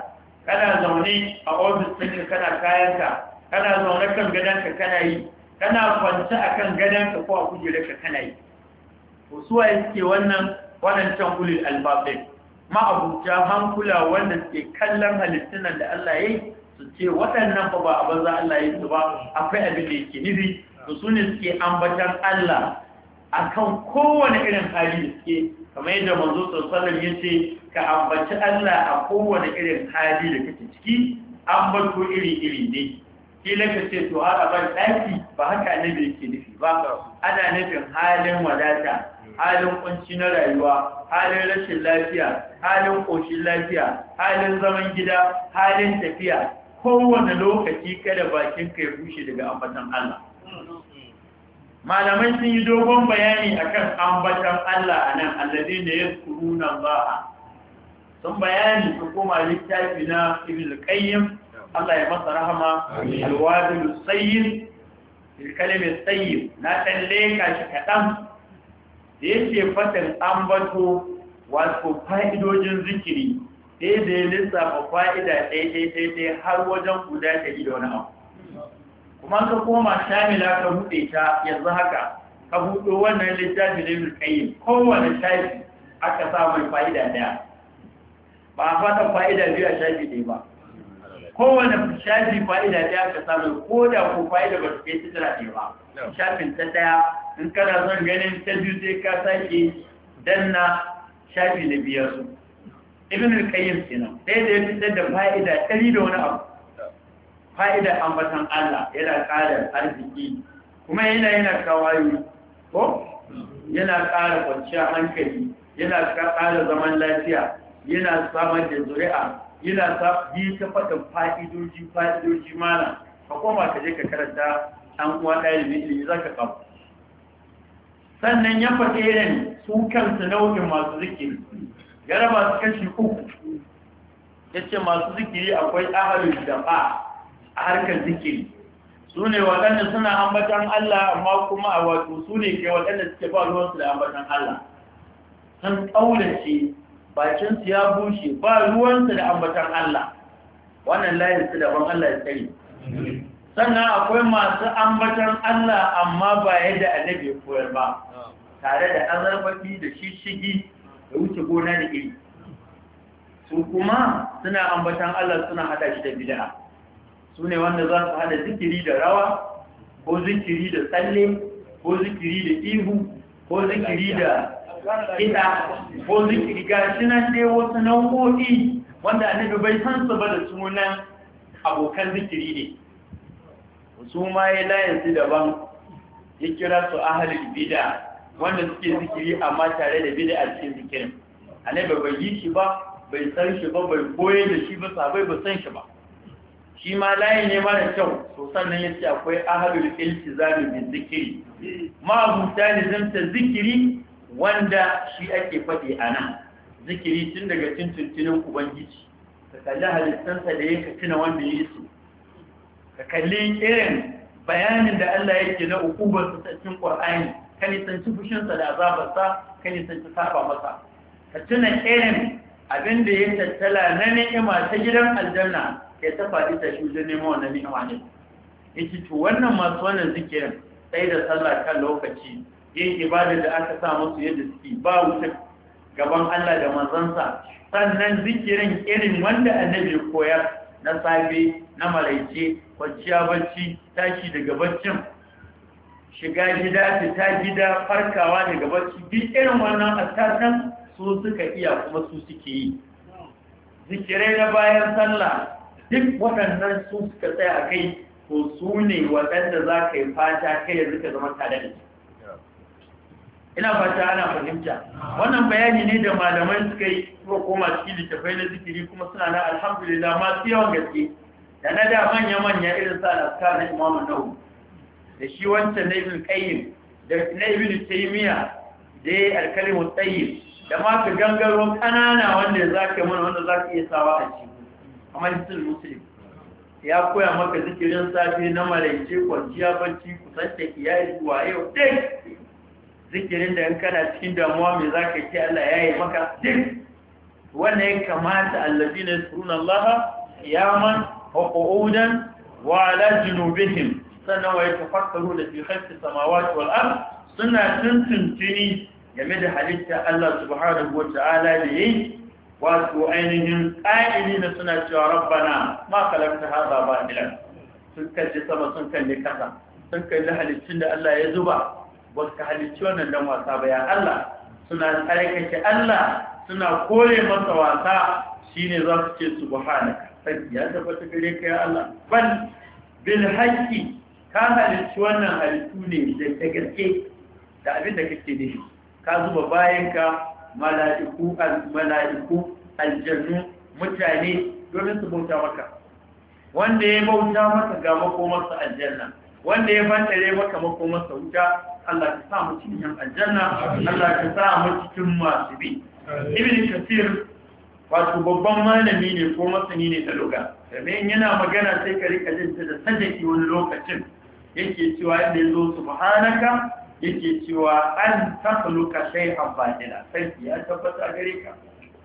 kana zaune a ofis ɗinka kana kayanka kana zaune kan gadonka kana yi kana kwance a kan gadonka ko a kujerarka kana yi ko waye suke wannan waɗancan ulil albabin ma'abuta hankula wanda suke kallon halittunan da Allah ya su ce waɗannan ba ba abin za Allah ya yi su ba akwai abin da yake nufi su ne suke ambatan Allah akan kowane irin hali da suke kamar yadda manzo sallallahu ya ce ka ambaci Allah a kowane irin hali da kake ciki ambato iri iri ne kila ka ce to a ban daki ba haka da yake nufi ba ana nufin halin wadata halin kunci na rayuwa halin rashin lafiya halin ƙoshin lafiya halin zaman gida halin tafiya kowane lokaci kada bakin ka ya bushe daga ambatan Allah malamai sun yi dogon bayani akan ambatan Allah a nan allazi da ya ba ba'a sun bayani su koma littafi na ibn kayyim Allah ya masa rahama al sayyid al na talle ka shi kadan da yake fatan ambato wato fa'idojin zikiri sai da ya lissafa fa'ida ɗaya ɗaya har wajen guda ta da wani kuma ka koma shamila ka buɗe ta yanzu haka ka buɗo wannan littafin da ibn qayyim kowane shafi aka samu mai fa'ida daya ba a fata fa'ida biyu a shafi ɗaya ba kowane shafi fa'ida daya aka samu ko da ko fa'ida ba su kai titira ɗaya ba shafin ta daya in kana son ganin ta biyu sai ka sake danna shafi na biyar su ibn qayyim kenan sai da ya fitar da fa'ida ɗari da wani abu fa'idar ambatan Allah yana ƙara arziki kuma yana yana kawai ko yana ƙara kwanciyar hankali yana ƙara zaman lafiya yana samar da zuri'a yana sa ta faɗin fa'idoji fa'idoji mana ka koma ka je ka karanta an uwa ɗalibin ilimi za ka kawo sannan ya faɗi irin su kansu nau'in masu zikiri gara masu kashi uku ya ce masu zikiri akwai ahalin jama'a a harkar zikiri su ne waɗanda suna ambatan Allah amma kuma a wato su ne ke waɗanda suke ba ruwansu da ambatan Allah sun ƙaunace bakinsu ya bushe ba ruwansu da ambatan Allah wannan layinsu daban Allah ya tsari sannan akwai masu ambatan Allah amma ba yadda annabi ya koyar ba tare da azarfafi da shishigi da wuce gona da iri su kuma suna ambatan Allah suna hada shi da bid'a su ne wanda za su hada zikiri da rawa ko zikiri da tsalle ko zikiri da ihu ko zikiri da kiɗa ko zikiri ga shi nan dai wasu nau'o'i wanda nufi bai san su ba da sunan abokan zikiri ne su ma ya su daban ya kira su ahalin bid'a wanda suke zikiri amma tare da bid'a a cikin zikirin nufi bai yi shi ba bai san shi ba bai koyar da shi ba sabai ba san shi ba shi ma layi ne mara kyau to sannan ya ce akwai ahalul iltizami bi zikiri ma'abuta nizamta zikiri wanda shi ake faɗi a nan zikiri tun daga tuntuntunin ubangiji ka kalli halittansa da yanka tuna wanda ya su ka kalli irin bayanin da Allah yake na ukubar cikin Qur'ani ka nisanci fushinsa da azabarsa ka nisanci saba masa ka tuna irin abin da ya tattala na ni'ima ta gidan aljanna ya ta faɗi ta shi wajen neman wannan ni'ima ne yace to wannan masu wannan zikirin sai da sallah kan lokaci yin ibada da aka sa musu yadda suke ba wuce gaban Allah da manzansa sannan zikirin irin wanda annabi koya na safe na maraice kwanciya bacci tashi daga baccin shiga gida fita gida farkawa daga bacci duk irin wannan asasan su suka iya kuma su suke yi zikirai na bayan sallah duk waɗannan su suka tsaya a kai ko su ne waɗanda za ka yi fata kai yanzu ka zama tare da su ina fata ana fahimta wannan bayani ne da malaman suka yi kuma koma cikin littafai na zikiri kuma suna na alhamdulillah masu yawan gaske da na da manya-manya irin sa alaska na imamu nau da shi wancan na ibn qayyim da na ibn taymiya da ya yi alkalimu tsayyib da ma ka gangaro ƙanana wanda za ka mana wanda za ka iya sawa a ciki kamar hisul ya koya maka zikirin safe na maraice kwanciya bacci kusanta iyali wa yau dai zikirin da in kana cikin damuwa mai za ka ce Allah ya yi maka duk wannan ya kamata allafi na suruna Allah kiyaman wa wa ala junubihim sannan wa yatafakkaru da fi haifin samawa wal ard suna tuntuntuni game da halitta Allah subhanahu wa ta'ala da yi. wato ainihin ƙa'ili na suna cewa rabbana ma haza ba ilan sun kalli sama sun kalli kasa sun kalli halittun da Allah ya zuba ba ka halicci wannan dan wasa ba ya Allah suna tsarkake Allah suna kore masa wasa shine za su ce subhanaka sai ya tabbata gare ka ya Allah ban bil ka halicci wannan halittu ne da gaske da abin da kake da shi ka zuba bayanka mala'iku mala'iku aljannu mutane domin su bauta maka wanda ya bauta maka ga makomarsa aljanna wanda ya bantare maka makomarsa wuta Allah ka sa mu cikin aljanna Allah ka sa mu cikin masu bi ibn kasir wato babban malami ne ko masani ne da luga in yana magana sai ka rika jin ta da sadaki wani lokacin yake cewa inda yazo subhanaka yake cewa an takhluqa shay'an batila sai ya tabbata gare ka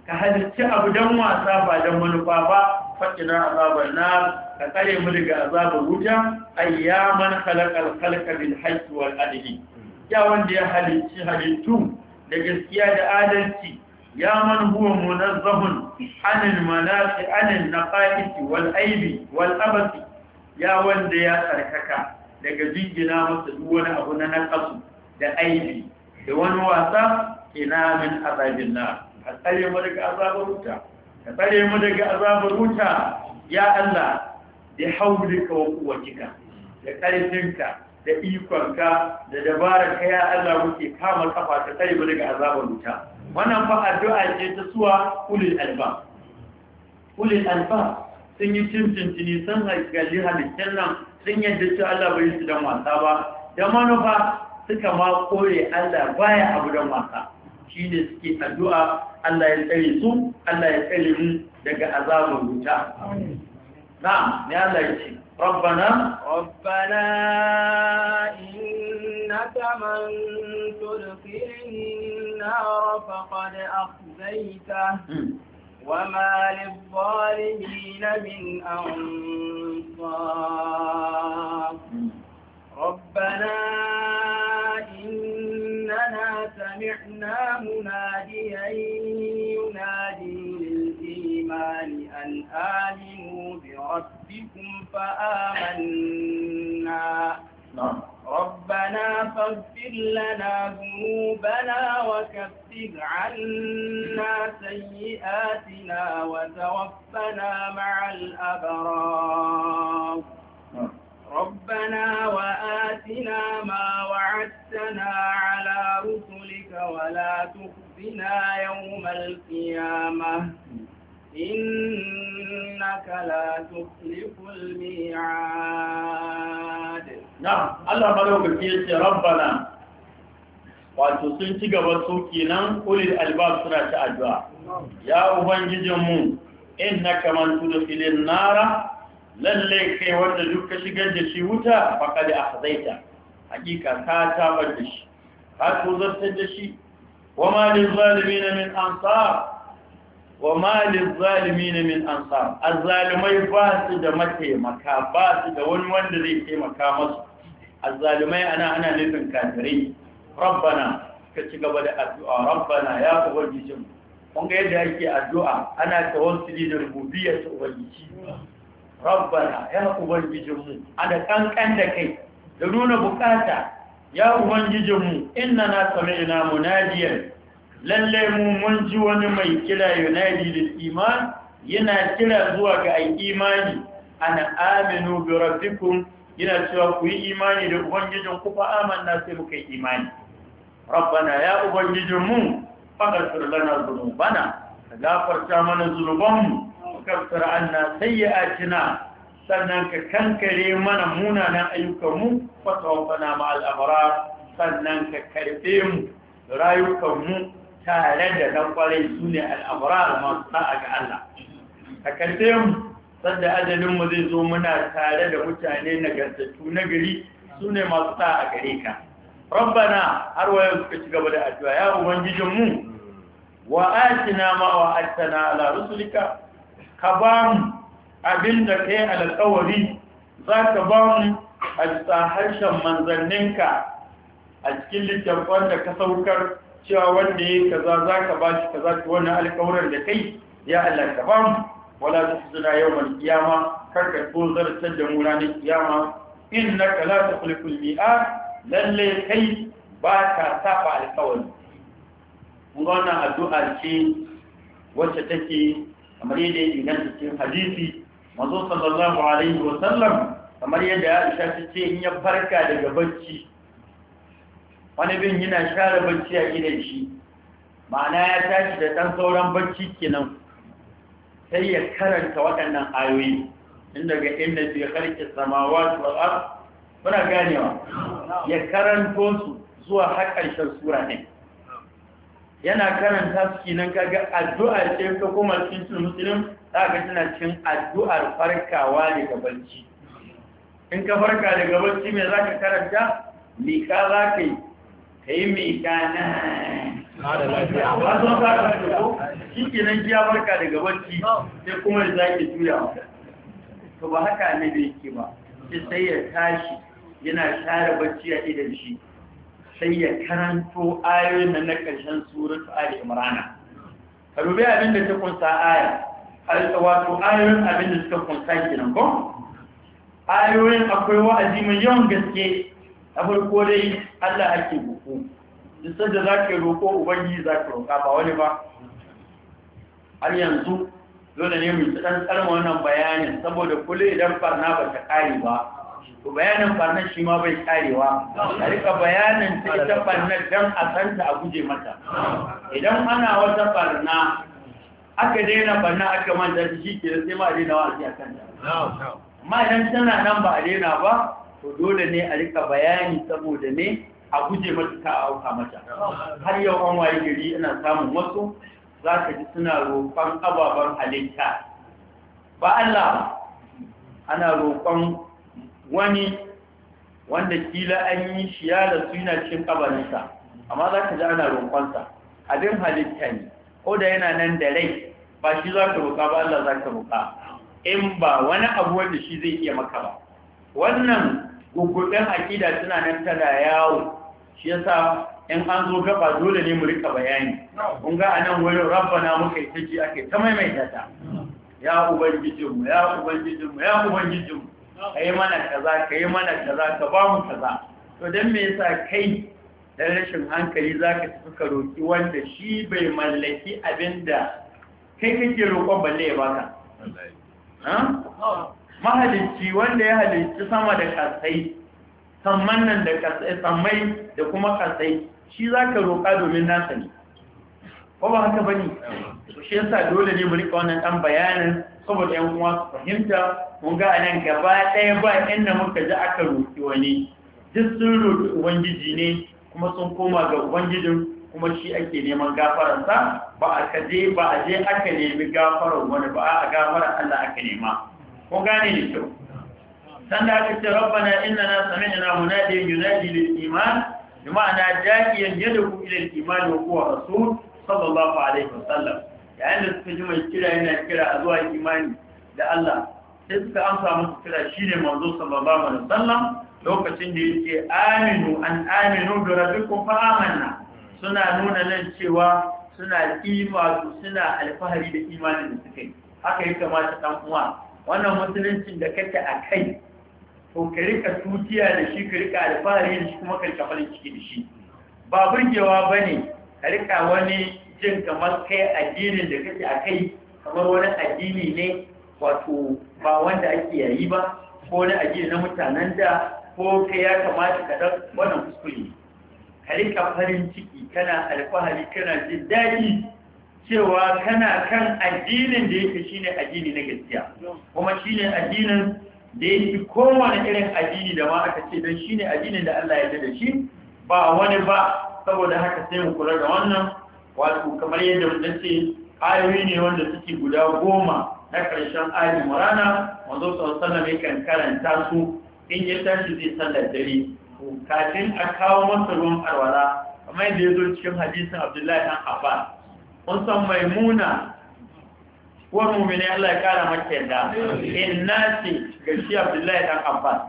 ka halicci abu dan wasa ba dan manufa ba fatina azaban na, ka tsare mu daga azabar wuta ayyaman khalaqal khalqa bil haqq wal ya wanda ya halicci halittu da gaskiya da adalci ya man huwa munazzahun anil manasi anil naqais wal aibi wal abasi ya wanda ya tsarkaka daga jingina masa duk wani abu na nakasu da aiki da wani wasa ina min azabin na a tsare mu daga azabar wuta a tsare mu daga azabar wuta ya Allah da haulika wa kuwatika da ƙarfinka da ikonka da ka ya Allah muke kama kafa ta tsare mu daga azabar wuta wannan fa addu'a ce ta suwa kulil alba kulil alba sun yi cincin sun haƙƙali halittar nan sun yadda cewa Allah bai su dan wasa ba da manufa suka ma kore Allah baya abu don wasa shi ne suke addu'a Allah ya tsare su Allah ya tsare mu daga azabar wuta na'am ne Allah ya ce ربنا ربنا إنك na تدخل النار فقد أخزيته وما للظالمين من أنصار ربنا سمعنا مناديا ينادي للإيمان أن آمنوا بربكم فآمنا نعم. ربنا فاغفر لنا ذنوبنا وكفر عنا سيئاتنا وتوفنا مع الأبرار نعم. ربنا وآتنا ما وعدتنا على رسل ولا تخزنا يوم القيامة إنك لا تخلف الميعاد نعم الله ملوك كيسي ربنا wato sun ci gaba su kenan ulil albab suna ta addu'a ya ubangijin mu inna kaman tudkhilin nara lalle kai wanda duk ka shigar da shi wuta faqad akhzaita hakika ka tabar da shi har ku zartar da shi wa zalimi na min ansar wa zalimi na min ansar azzalimai ba su da mataimaka ba su da wani wanda zai taimaka masu azzalimai ana ana nufin kafirai rabbana ka ci gaba da addu'a rabbana ya ubangiji mu kun ga yadda ake addu'a ana ta tawassuli da rububiyyar ubangiji rabbana ya ubangiji mu ana kankan da kai da nuna bukata ya ubangijinmu ina na ina munajiyar lalle mu mun ji wani mai kira yunadi da iman yana kira zuwa ga ai imani ana aminu bi yana cewa ku yi imani da ubangijin ku fa amanna sai muka yi imani rabbana ya ubangijinmu faghfir lana zunubana ka gafarta mana zunubanmu ka sayi a cina sannan ka kankare mana munanan ayyukanmu fatawafana ma'al abrar sannan ka karbe mu rayukanmu tare da na kwarai su ne al'abrar masu sa'a ga Allah ka karbe mu sanda ajalinmu zai zo muna tare da mutane nagartattu na gari su ne masu sa'a gare ka rabbana har wayo suka ci gaba da addu'a ya ubangijin wa atina ma wa ala rusulika ka ba abinda ka yi alƙawari, za ka ba mu a harshen manzanninka a cikin littattafan da ka saukar cewa wanda ya kaza za ka ba shi kaza ta wani alƙawarar da kai ya Allah ka ba mu wala su su zina yau mai kiyama kar ka so da mu ranar kiyama in na kala ta kulkul a, lalle kai ba ka saba alkawari wannan addu'a ce wacce take kamar yadda ya inganta cikin hadisi mazo sallallahu alaihi wa sallam kamar yadda Aisha ta ce in ya farka daga bacci wani bin yana share bacci a gidan shi ma'ana ya tashi da ɗan sauran bacci kenan sai ya karanta waɗannan ayoyi inda ga inda fi kharqi samawati wal ard muna ganewa ya karanto su zuwa har ƙarshen sura ne yana karanta su kenan kaga addu'a ce ko kuma cikin musulmi za ka tana cin addu'ar farkawa daga barci in ka farka daga barci mai za ka karanta ka? za ka yi ka yi miƙa na ba su ka karanta ko shi ke nan ya farka daga barci sai kuma da za ki juya to ba haka ne da yake ba sai ya tashi yana share barci a idan shi sai ya karanto ayoyin na ƙarshen suratu a Imran. Ka dubi abin da ta kunsa aya wato ayoyin abin da suka kunsa kenan ko ayoyin akwai wa'azi mai yawan gaske a farko dai Allah ake roƙo duk da za ka roƙo ubangiji za ka roƙa ba wani ba har yanzu dole ne mu ɗan tsarma wannan bayanin saboda kullum idan farna ba ta ƙare ba to bayanin farna shi ma bai karewa a rika bayanin ta ita farnar don a santa a guje mata idan ana wata farna aka daina banna aka manta shi ke sai ma daina wa'azi a kan amma idan tana nan ba a daina ba to dole ne a rika bayani saboda ne a guje mata ka auka mata har yau an waye gari ana samun wasu za ka ji suna roƙon ababen halitta ba Allah ana roƙon wani wanda kila an yi shi ya da su yana cikin kabarinsa amma za ka ji ana roƙonsa abin halitta ne ko da yana nan da rai ba shi za ka roƙa ba Allah za ka roƙa in ba wani abu wanda shi zai iya maka ba wannan gugguɗin aƙida suna nan tana yawo shi yasa in an zo gaba dole ne mu rika bayani kun ga anan wurin rabbana muka yi taji ake ta maimaita ta ya ubangijin mu ya ubangijin mu ya ubangijin mu kai mana kaza kai mana kaza ka ba mu kaza to dan me yasa kai dan rashin hankali zaka tafi ka roki wanda shi bai mallaki abinda kai kake roƙon balle ya baka mahalicci wanda ya halicci sama da kasai samman nan da kasai sammai da kuma kasai shi za ka roƙa domin nasa ne ko ba haka bane shi yasa dole ne mu rika wannan dan bayanin saboda yan uwa su fahimta mun ga anan gaba ɗaya ba inda muka ji aka roƙi wani duk sun roƙi ubangiji ne kuma sun koma ga ubangijin kuma shi ake neman gafaransa ba a kaje ba a je aka nemi gafaran wani ba a gafaran Allah aka nema kun gane ne kyau sanda aka ce rabbana innana sami'na munadi yunadi lil iman bima'ana da'iyan yad'u ila al iman wa huwa rasul sallallahu alaihi wasallam yayin da suka ji mai kira yana kira a zuwa imani da Allah sai suka amsa musu kira shine manzo sallallahu alaihi wasallam lokacin da yake aminu an aminu da rabbikum fa amanna suna nuna nan cewa suna kima suna alfahari da imanin da suka yi haka kamata dan uwa wannan musuluncin da kake a kai to ka rika tutiya da shi ka rika alfahari da shi kuma ka rika farin ciki da shi ba burgewa bane ka rika wani jin kamar kai addinin da kake a kai kamar wani addini ne wato ba wanda ake yayi ba ko wani addini na mutanen da ko kai ya kamata ka da wannan kuskure harika farin ciki kana alfahari kana jin daɗi cewa kana kan addinin da yake shine addini na gaskiya kuma shine addinin da yake kowane irin addini da ma aka ce don shine addinin da Allah ya da shi ba wani ba saboda haka sai mu kula da wannan wato kamar yadda mun ce ayoyi ne wanda suke guda goma na karshen ayi murana wanzu sallallahu alaihi wasallam yakan karanta su in ya tashi zai sallar dare kafin a kawo masa ruwan arwala kamar yadda ya zo cikin hadisin abdullahi ɗan abbas kun san maimuna uwar mumini Allah ya kara maka yadda inna ce ga shi abdullahi dan abbas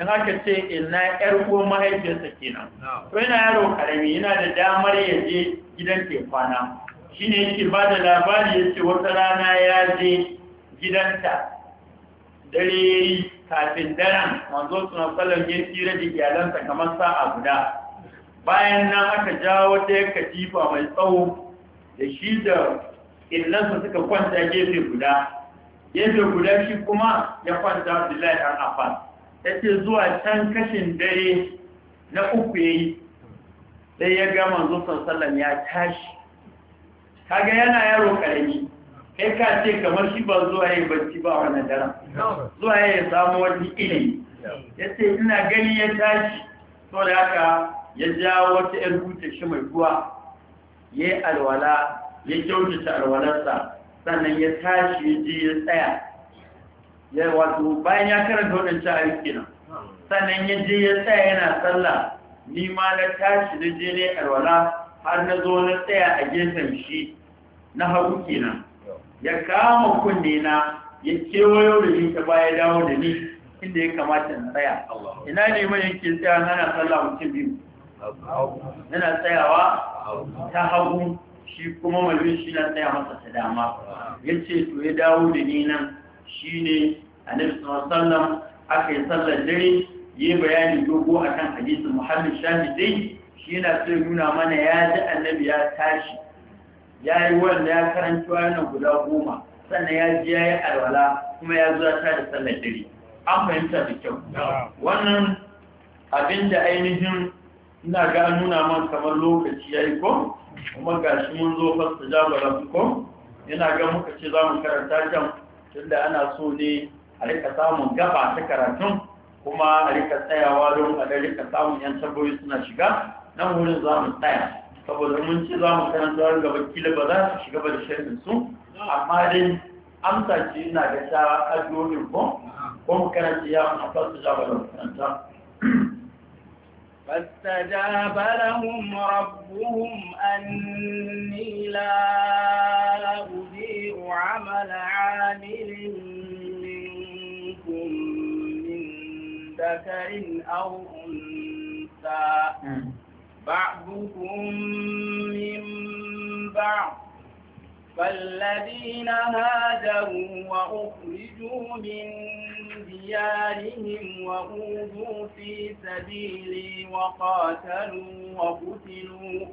in aka ce inna yar ko mahaifiyarsa kenan to yana yaro karami yana da damar ya je gidan ke kwana shine yake ba da labari ce, wata rana ya je gidanta dare ya yi. kafin daren manzo suna tsallon ya tsira da iyalansa kamar sa'a guda bayan nan aka jawo ɗaya katifa mai tsawo da shi da illansa suka kwanta gefe guda gefe guda shi kuma ya kwanta abdullahi ɗan afan ta ce zuwa can kashin dare na uku ya yi sai ya ga manzo salon ya tashi kaga yana yaro ƙarami kai ka ce kamar shi ba zuwa yi bacci ba wannan dara zuwa ya samu wani ilimi ya ce ina gani ya tashi to da haka ya jawo wata ‘yan hutar shi mai ruwa ya yi alwala ya kyautata alwalarsa sannan ya tashi ya je ya tsaya ya wato bayan ya karanta waɗancan ayyuki nan sannan ya je ya tsaya yana sallah ni ma na tashi na je ne alwala har na zo na tsaya a gefen shi na hagu kenan ya kama kunne na ya kewayo da ni ta baya dawo da ni inda ya kamata na tsaya ina ne mai yake tsaya na sallah mutum biyu yana tsayawa ta hagu shi kuma mai shi na tsaya masa ta dama ya ce to ya dawo da ni nan shi ne a nufin sallam aka yi sallar dare yi bayani dogo a kan hadisun muhammad shafi zai. shi yana so nuna mana ya ji annabi ya tashi ya yi wanda ya karanci wannan guda goma sannan ya ji ya yi alwala kuma ya zuwa ta da sallar dare an fahimta da kyau wannan abin da ainihin ina ga nuna man kamar lokaci ya yi ko kuma ga shi mun zo fasta jabara ko yana ga muka ce za mu karanta can tunda ana so ne a rika samun gaba ta karatun kuma a rika tsayawa don a rika samun yan tabbobi suna shiga nan wurin za mu tsaya saboda mun ce za mu karanta wani gaba kila ba za su shiga ba da shirin su amma dai amsa ce ina ga ta ajiyoyin ko ko mu karanta ya mu fasu da wannan karanta فاستجاب لهم ربهم أني لا أضيع عمل عامل منكم من ذكر أو أنثى بعضكم من بعض فالذين هاجروا وأخرجوا من ديارهم وأوذوا في سبيلي وقاتلوا وقتلوا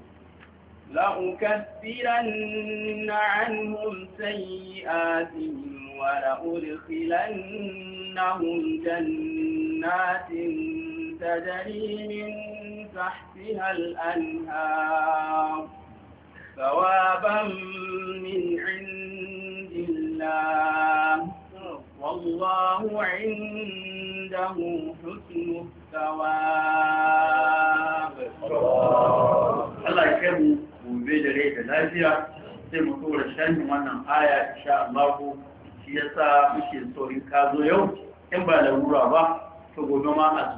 لأكفرن عنهم سيئاتهم ولأدخلنهم جنات تجري من تحتها الأنهار ثوابا من عند الله والله عنده حسن الثواب الله يكرمه ويبيد ريت الأزياء sai mu tura shanin wannan aya insha Allah shi yasa muke so in ka zo yau in ba larura ba to gobe ma a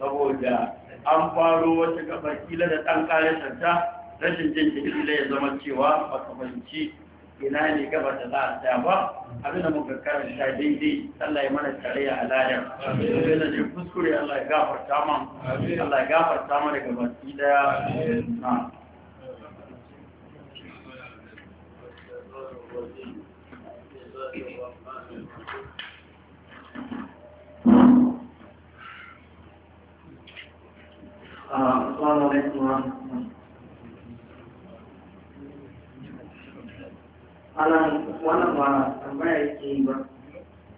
saboda an faro wata gabar kila da ɗan ƙarashanta rashin jin kila ya zama cewa ba ka fahimci ina ne gabar da za a tsaya ba abin da muka karanta daidai Allah ya mana tarayya a ladar abin da kuskure Allah ya gafarta man Allah ya gafarta mana gabaki daya السلام عليكم ورحمة الله Alan wannan ba tambaya yake yi ba,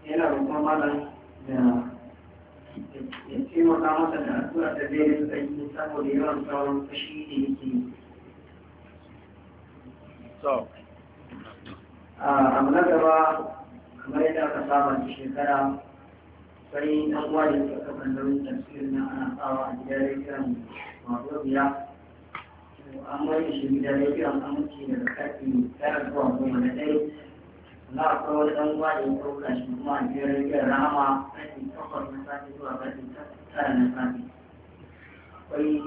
yana roƙon malam da ya taimaka masa da addu'a da zai rinka yi saboda yawan sauran fashi da yake yi. So, a na gaba kamar yadda aka saba shekara sai ɗan uwa da suka kafa nauyin tafsirin nan ana tsawa a gidan rediyon masu biya an bari shi gidan rediyon aminci daga karfe tara zuwa goma na ɗaya na akwai wani ɗan uwa ya ɗauka shi kuma a gidan rediyon rama karfe takwas na safe zuwa karfe tara na safe akwai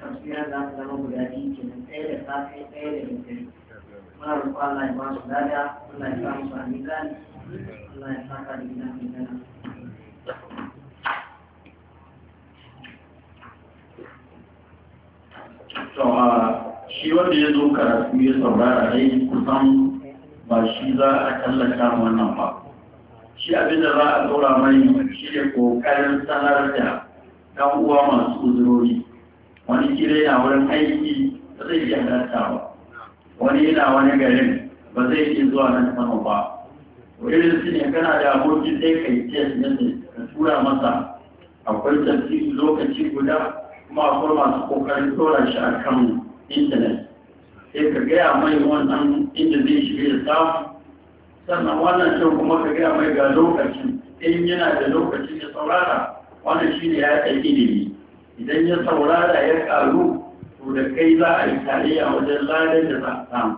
tafsirin za su zama ɗaya da ɗaya da muna to shi wanda ya zo karatu ya saurara ne kusan ba shi za a tallata wannan ba shi abin da za a tsora mai shi ne kokarin sanar da ɗan uwa masu uzurori wani kira yana wurin aiki ba zai iya halatta ba wani yana wani garin ba zai iya zuwa nan sama ba irin su ne kana da abokin sai kai test message ka tura masa akwai tafsiri lokaci guda kuma akwai masu kokarin tsora shi a kan intanet sai ka gaya mai wannan inda zai shiga da samu sannan wannan shi kuma ka gaya mai ga lokacin in yana da lokacin ya saurara wannan shi ne ya ɗauki ilimi idan ya saurara ya ƙaru to da kai za a yi tarayya wajen ladar da za a samu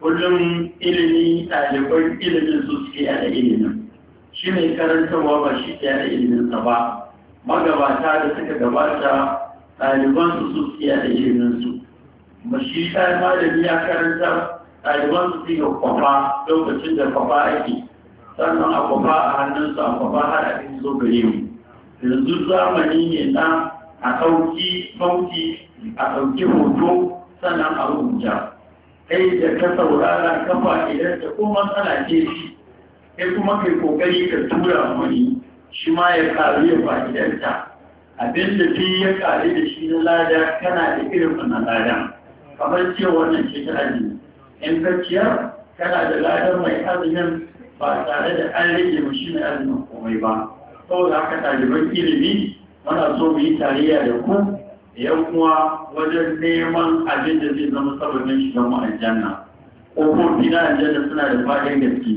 kullum ilimi ɗaliban ilimin su suke da ilimin shi mai karantarwa ba shi ke ilimin iliminsa ba magabata da suka gabata ɗalibansu su tsaya da su ba shi ta malami ya karanta ɗalibansu su ga kwafa lokacin da kwafa ake sannan a kwafa a hannunsu a kwafa har a kan so gare mu yanzu zamani ne na a ɗauki sauti a ɗauki hoto sannan a rubuta kai da ka saurara kafa idan da ko matsala ce shi kai kuma kai kokari ka tura wani shi ma ya karu ya fa'idanta abin da shi ya kare da shi na lada kana da irin wannan lada kamar cewa wannan ce ta hajji in ka kana da lada mai azumin ba tare da an rage mu shi mai azumin komai ba saboda haka ɗaliban ilimi muna so mu yi tarayya da ku yan kuma wajen neman abin da zai zama sababin shiga mu aljanna ƙofofi na aljanna suna da faɗin gaske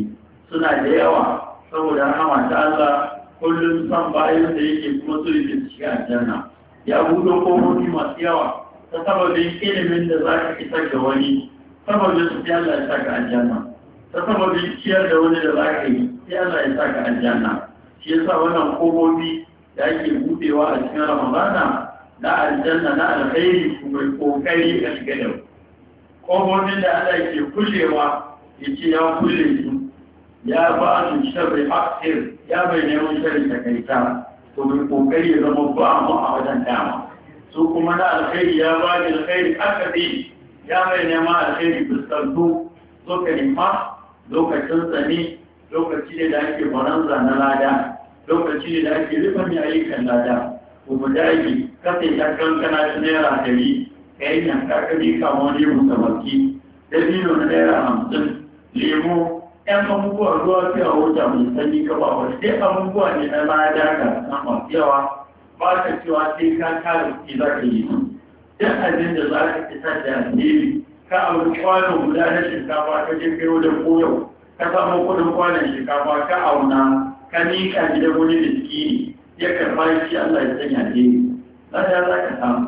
suna da yawa saboda hama ta Allah kullum san bayan da yake kuma so yake shiga aljanna ya buɗe kofofi masu yawa ta sababin ilimin da za ka isar da wani saboda su fi Allah ya sa ka aljanna ta sababin ciyar da wani da za ka yi fi Allah ya sa ka aljanna shi sa wannan kofofi da ake buɗewa a cikin ramadana na aljanna na alkhairi kuma kokari a shiga da kofofin da Allah ke kullewa ya ce ya kulle su ya ba su shirin haƙƙin ya bai neman sharri da kaita to bai kokari ya zama ba mu a wajen dama su kuma na alkhairi ya ba ni alkhairi bi ya bai neman alkhairi fuskantu lokacin ma lokacin tsani lokaci ne da ake baranza na lada lokaci ne da ake rufe mai ayyukan lada ko mu daji kasa ta kankana ta naira dari ka yi yanka ka bi kama wani musamman ki biyu na naira hamsin lemu. 'yan abubuwan zuwa fiye a wuta mai sanyi gaba wani sai abubuwa ne na baya ga sama yawa ba ka cewa sai ka kare ki za ka yi duk abin da za ka fitar da alheri ka abu kwano guda na shinkafa ka je kai da koyo ka samu kudin kwanon shinkafa ka auna ka miƙa gidan wani miskini ya karɓa shi Allah ya sanya alheri za ka samu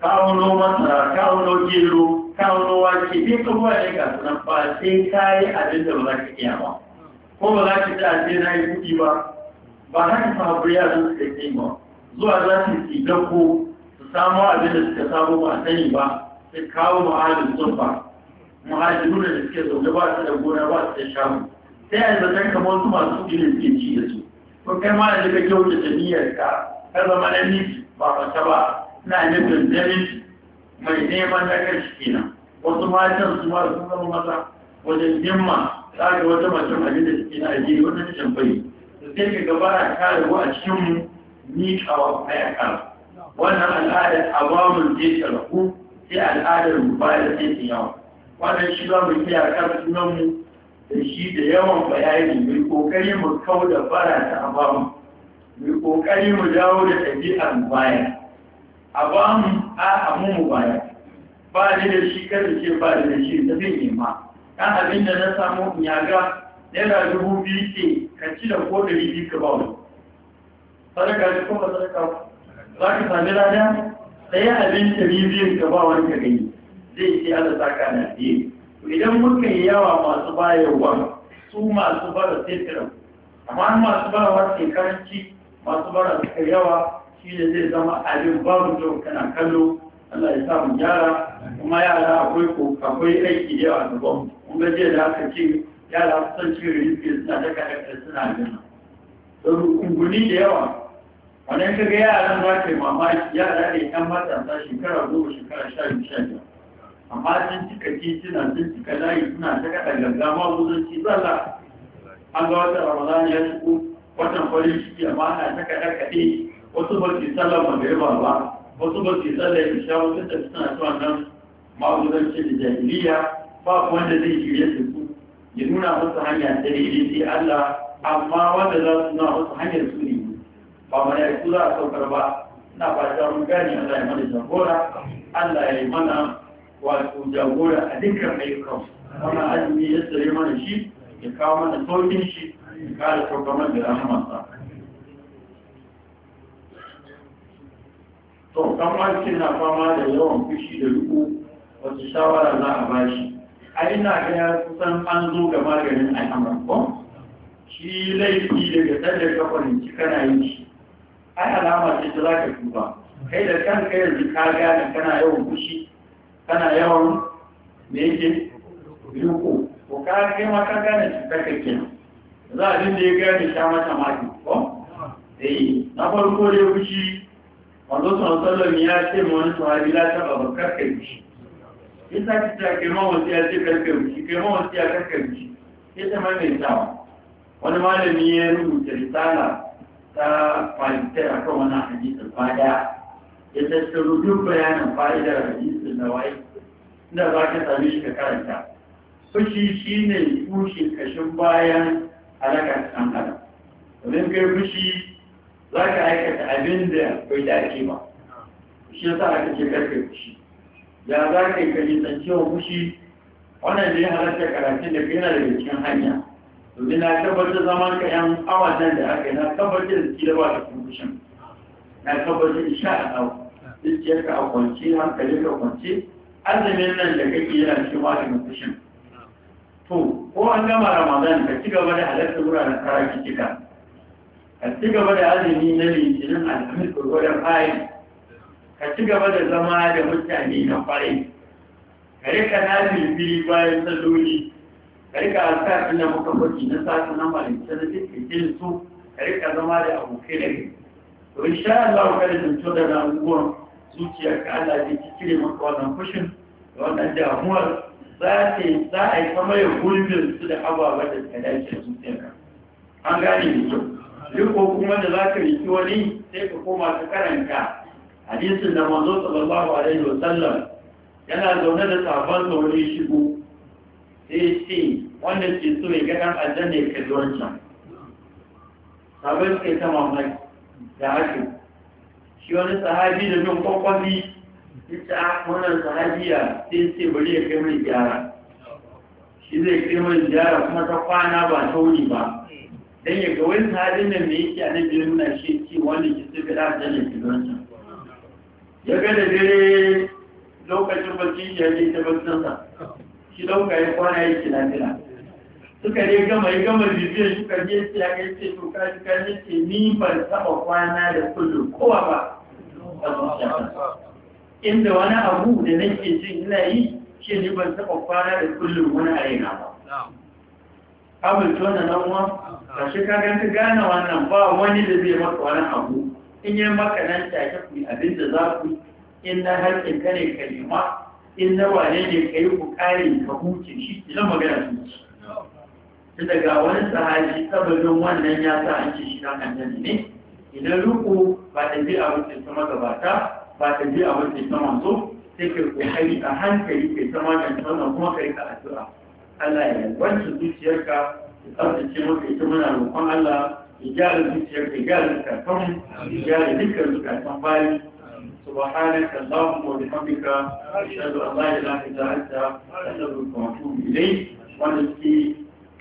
ka auno masara ka auno gero kan ruwa ce bin ruwa ne ga sunan ba sai kayi yi abin da ba za ka iya ba ko ba za ka ta a ce na yi kuɗi ba ba za ka sahabu ya zo suka kai ba zuwa za su yi dako su samu abin da suka samu ba sani ba su kawo muhalin sun ba nuna da suke zaune ba su da gona ba su da shamu sai a zaton kama su masu kuɗi da suke ci da su ko kai ma da suka kyau da niyyar ka ka zama na ba mace ba na nufin namiji mai neman na kan shi wasu matan su ma sun zama mata wajen himma za ga wata mace mai da suke na ajiye wannan ta tambayi da sai ka gaba a kare a cikin mu ni kawa kaya kara wannan al'adar abamun zai ta sai al'adar mu baya sai ta yawa wannan shi za mu kiyar kan sunan mu da shi da yawan bayani mai kokari mu kau da bara ta abamu mai kokari mu dawo da ɗabi'ar baya a a amu mu baya ba ni da shi kada ce ba ni da shi ta zai ma dan abin da na samu in ya ga naira dubu biyu ce ka ci da ko ɗari biyu ka ba mu sadaka ce ko ba sadaka ba za ka sami lada sai abin ɗari biyu ka ba wani ka gani zai ce ala zaka na biyu idan muka yi yawa masu bayarwa su masu bara sai amma masu bara wasu karanci masu bara suka yawa shi ne zai zama abin babu kyau kana kallo Allah ya samu yara gyara kuma yara akwai ko akwai aiki da yawa ba mu ga jiya da aka ce yara sun ci rizki suna da kada suna gina don kunguni da yawa wannan kaga yaran za ka yi mamaki yara ne yan matasa shekara goma shekara sha biyu sha biyar amma sun cika titina sun cika layi suna ta kada gaggama wuzanci zalla an ga wata ramadan ya shigo watan farin ciki amma ana ta kada kade wasu ba su sallar magariba ba wasu ba su sallar isha wasu da suna zuwa nan ma'azuranci da jahiliya ba wanda zai shirye su ku ya nuna musu hanya ta daidai sai Allah amma wanda za su nuna musu hanyar su ne ba mala'iku za a saukar ba ina fata mun gane Allah ya mana jagora Allah ya yi mana wato jagora a dukkan ayyukan wannan azumi ya tsare mana shi ya kawo mana saukin shi ya kara sauka mana da rahamarsa to kamar na fama da yawan fushi da duku wasu shawara za a bashi a ina gaya kusan an zo ga maganin al'amar ko shi laifi daga tsaddar kafin ki kana yin shi ai alama ce ta za ka tuba kai da kai yanzu ka gane kana yawan fushi kana yawan me yake duku ko ka kai ma ka gane shi ka kenan za a dinda ya gane sha mata maki ko eh na farko dai fushi manzo sallallahu ya ce ma wani sahabi la sa kai ma kai ma ta mai tawa wani malami ya rubuta risala ta fahimtar a kan wani hadisin fada ya tattaru duk bayanin fa'idar hadisin da wai inda za ka same shi ka karanta fushi shi ne tushen kashin bayan halakar ɗan adam domin kai fushi za ka aikata abin da bai dace ba shi yasa aka ce karfe fushi ya za ka yi ka cewa fushi wannan da ya halatta karatun da kai yana da cikin hanya domin na tabbatar zama ka yan awa nan da aka yi na tabbatar da kila ba da fushin na tabbatar da sha a ɗau zuciyar ka a kwance hankali ka kwance azumin nan da kake yana cewa da fushin to ko an gama ramadan ka ci gaba da halarta wuraren cika ka ci da azumi na litinin alhamis gurgurar fari ka ci gaba da zama da mutane na kwarai ka rika na bayan salloli ka rika alkafin da muka na sati na malinta na cikin su ka rika zama da abokai da gari to insha Allah ka da tuntu da zuciyar ka Allah zai cire maka wannan fushin da wannan damuwar za ta za a yi kamar gurbin su da ababen da ta dace ka an gane da kyau riko kuma da za ka riki wani sai ka koma ka karanta hadisin da manzo sallallahu alaihi wasallam yana zaune da sabon sa wani shigo sai ce wanda ke so ya ga dan aljanna ya kalli wancan sabon sai ta mamaki da haka shi wani sahabi da jin kwakwabi ita a ah, wannan sahabiya sai ce bari ya kai mai gyara shi zai kai mai gyara kuma ta kwana ba tauri ba dan ya ga wani halin da me yake ana ya nuna shi ce wanda ke tafi da aljanna ke wancan ya ga da dare lokacin bacci ya je ta baccinsa shi dauka yi kwana yake lafiya suka ne gama ya gama bibiyar suka je su ya ga ce to ka ka ne ce ni ban taɓa kwana da kullu kowa ba inda wani abu da nake jin ina yi shi ni ban taba kwana da kullum wani na ba abin tona nan wa a shi ka ganta gane wannan ba wani da zai maka wani abu in yi maka nan take ku abin da za ku in na harkin ka ne ka nema in na wane ne ka yi ku kare ka huce shi idan magana su ci ta daga wani sahaji sabbin wannan ya sa an ce shi dan hannun ne idan ruku ba ta bi a da ta magabata ba ta bi a da ta zo sai ka ku a hankali kai ta magance da kuma ka ka addu'a Allah ya wanke zuciyarka ya tsaftace maka ita muna roƙon Allah ya gyara zuciyarka ya gyara zukatan ya gyara dukkan zukatan bayi سبحانك اللهم وبحمدك أشهد أن لا إله إلا أنت أستغفرك وأتوب إليك ونسقي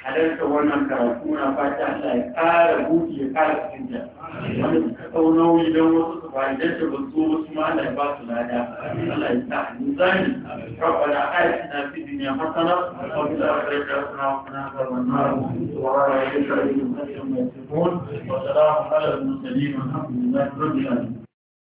halarta wannan karatu na fata Allah ya ƙara buɗe ya ƙara fahimta wanda suka ɗau nauyi don wasu su ba idan da basu wasu ma Allah ya ba su lada Allah ya sa a nizami rabbana atina fi dunya hasana wa fil akhirati hasana wa qina adhaban nar subhana rabbika rabbil izzati amma yasifun wa salamun ala al mursalin walhamdulillahi rabbil alamin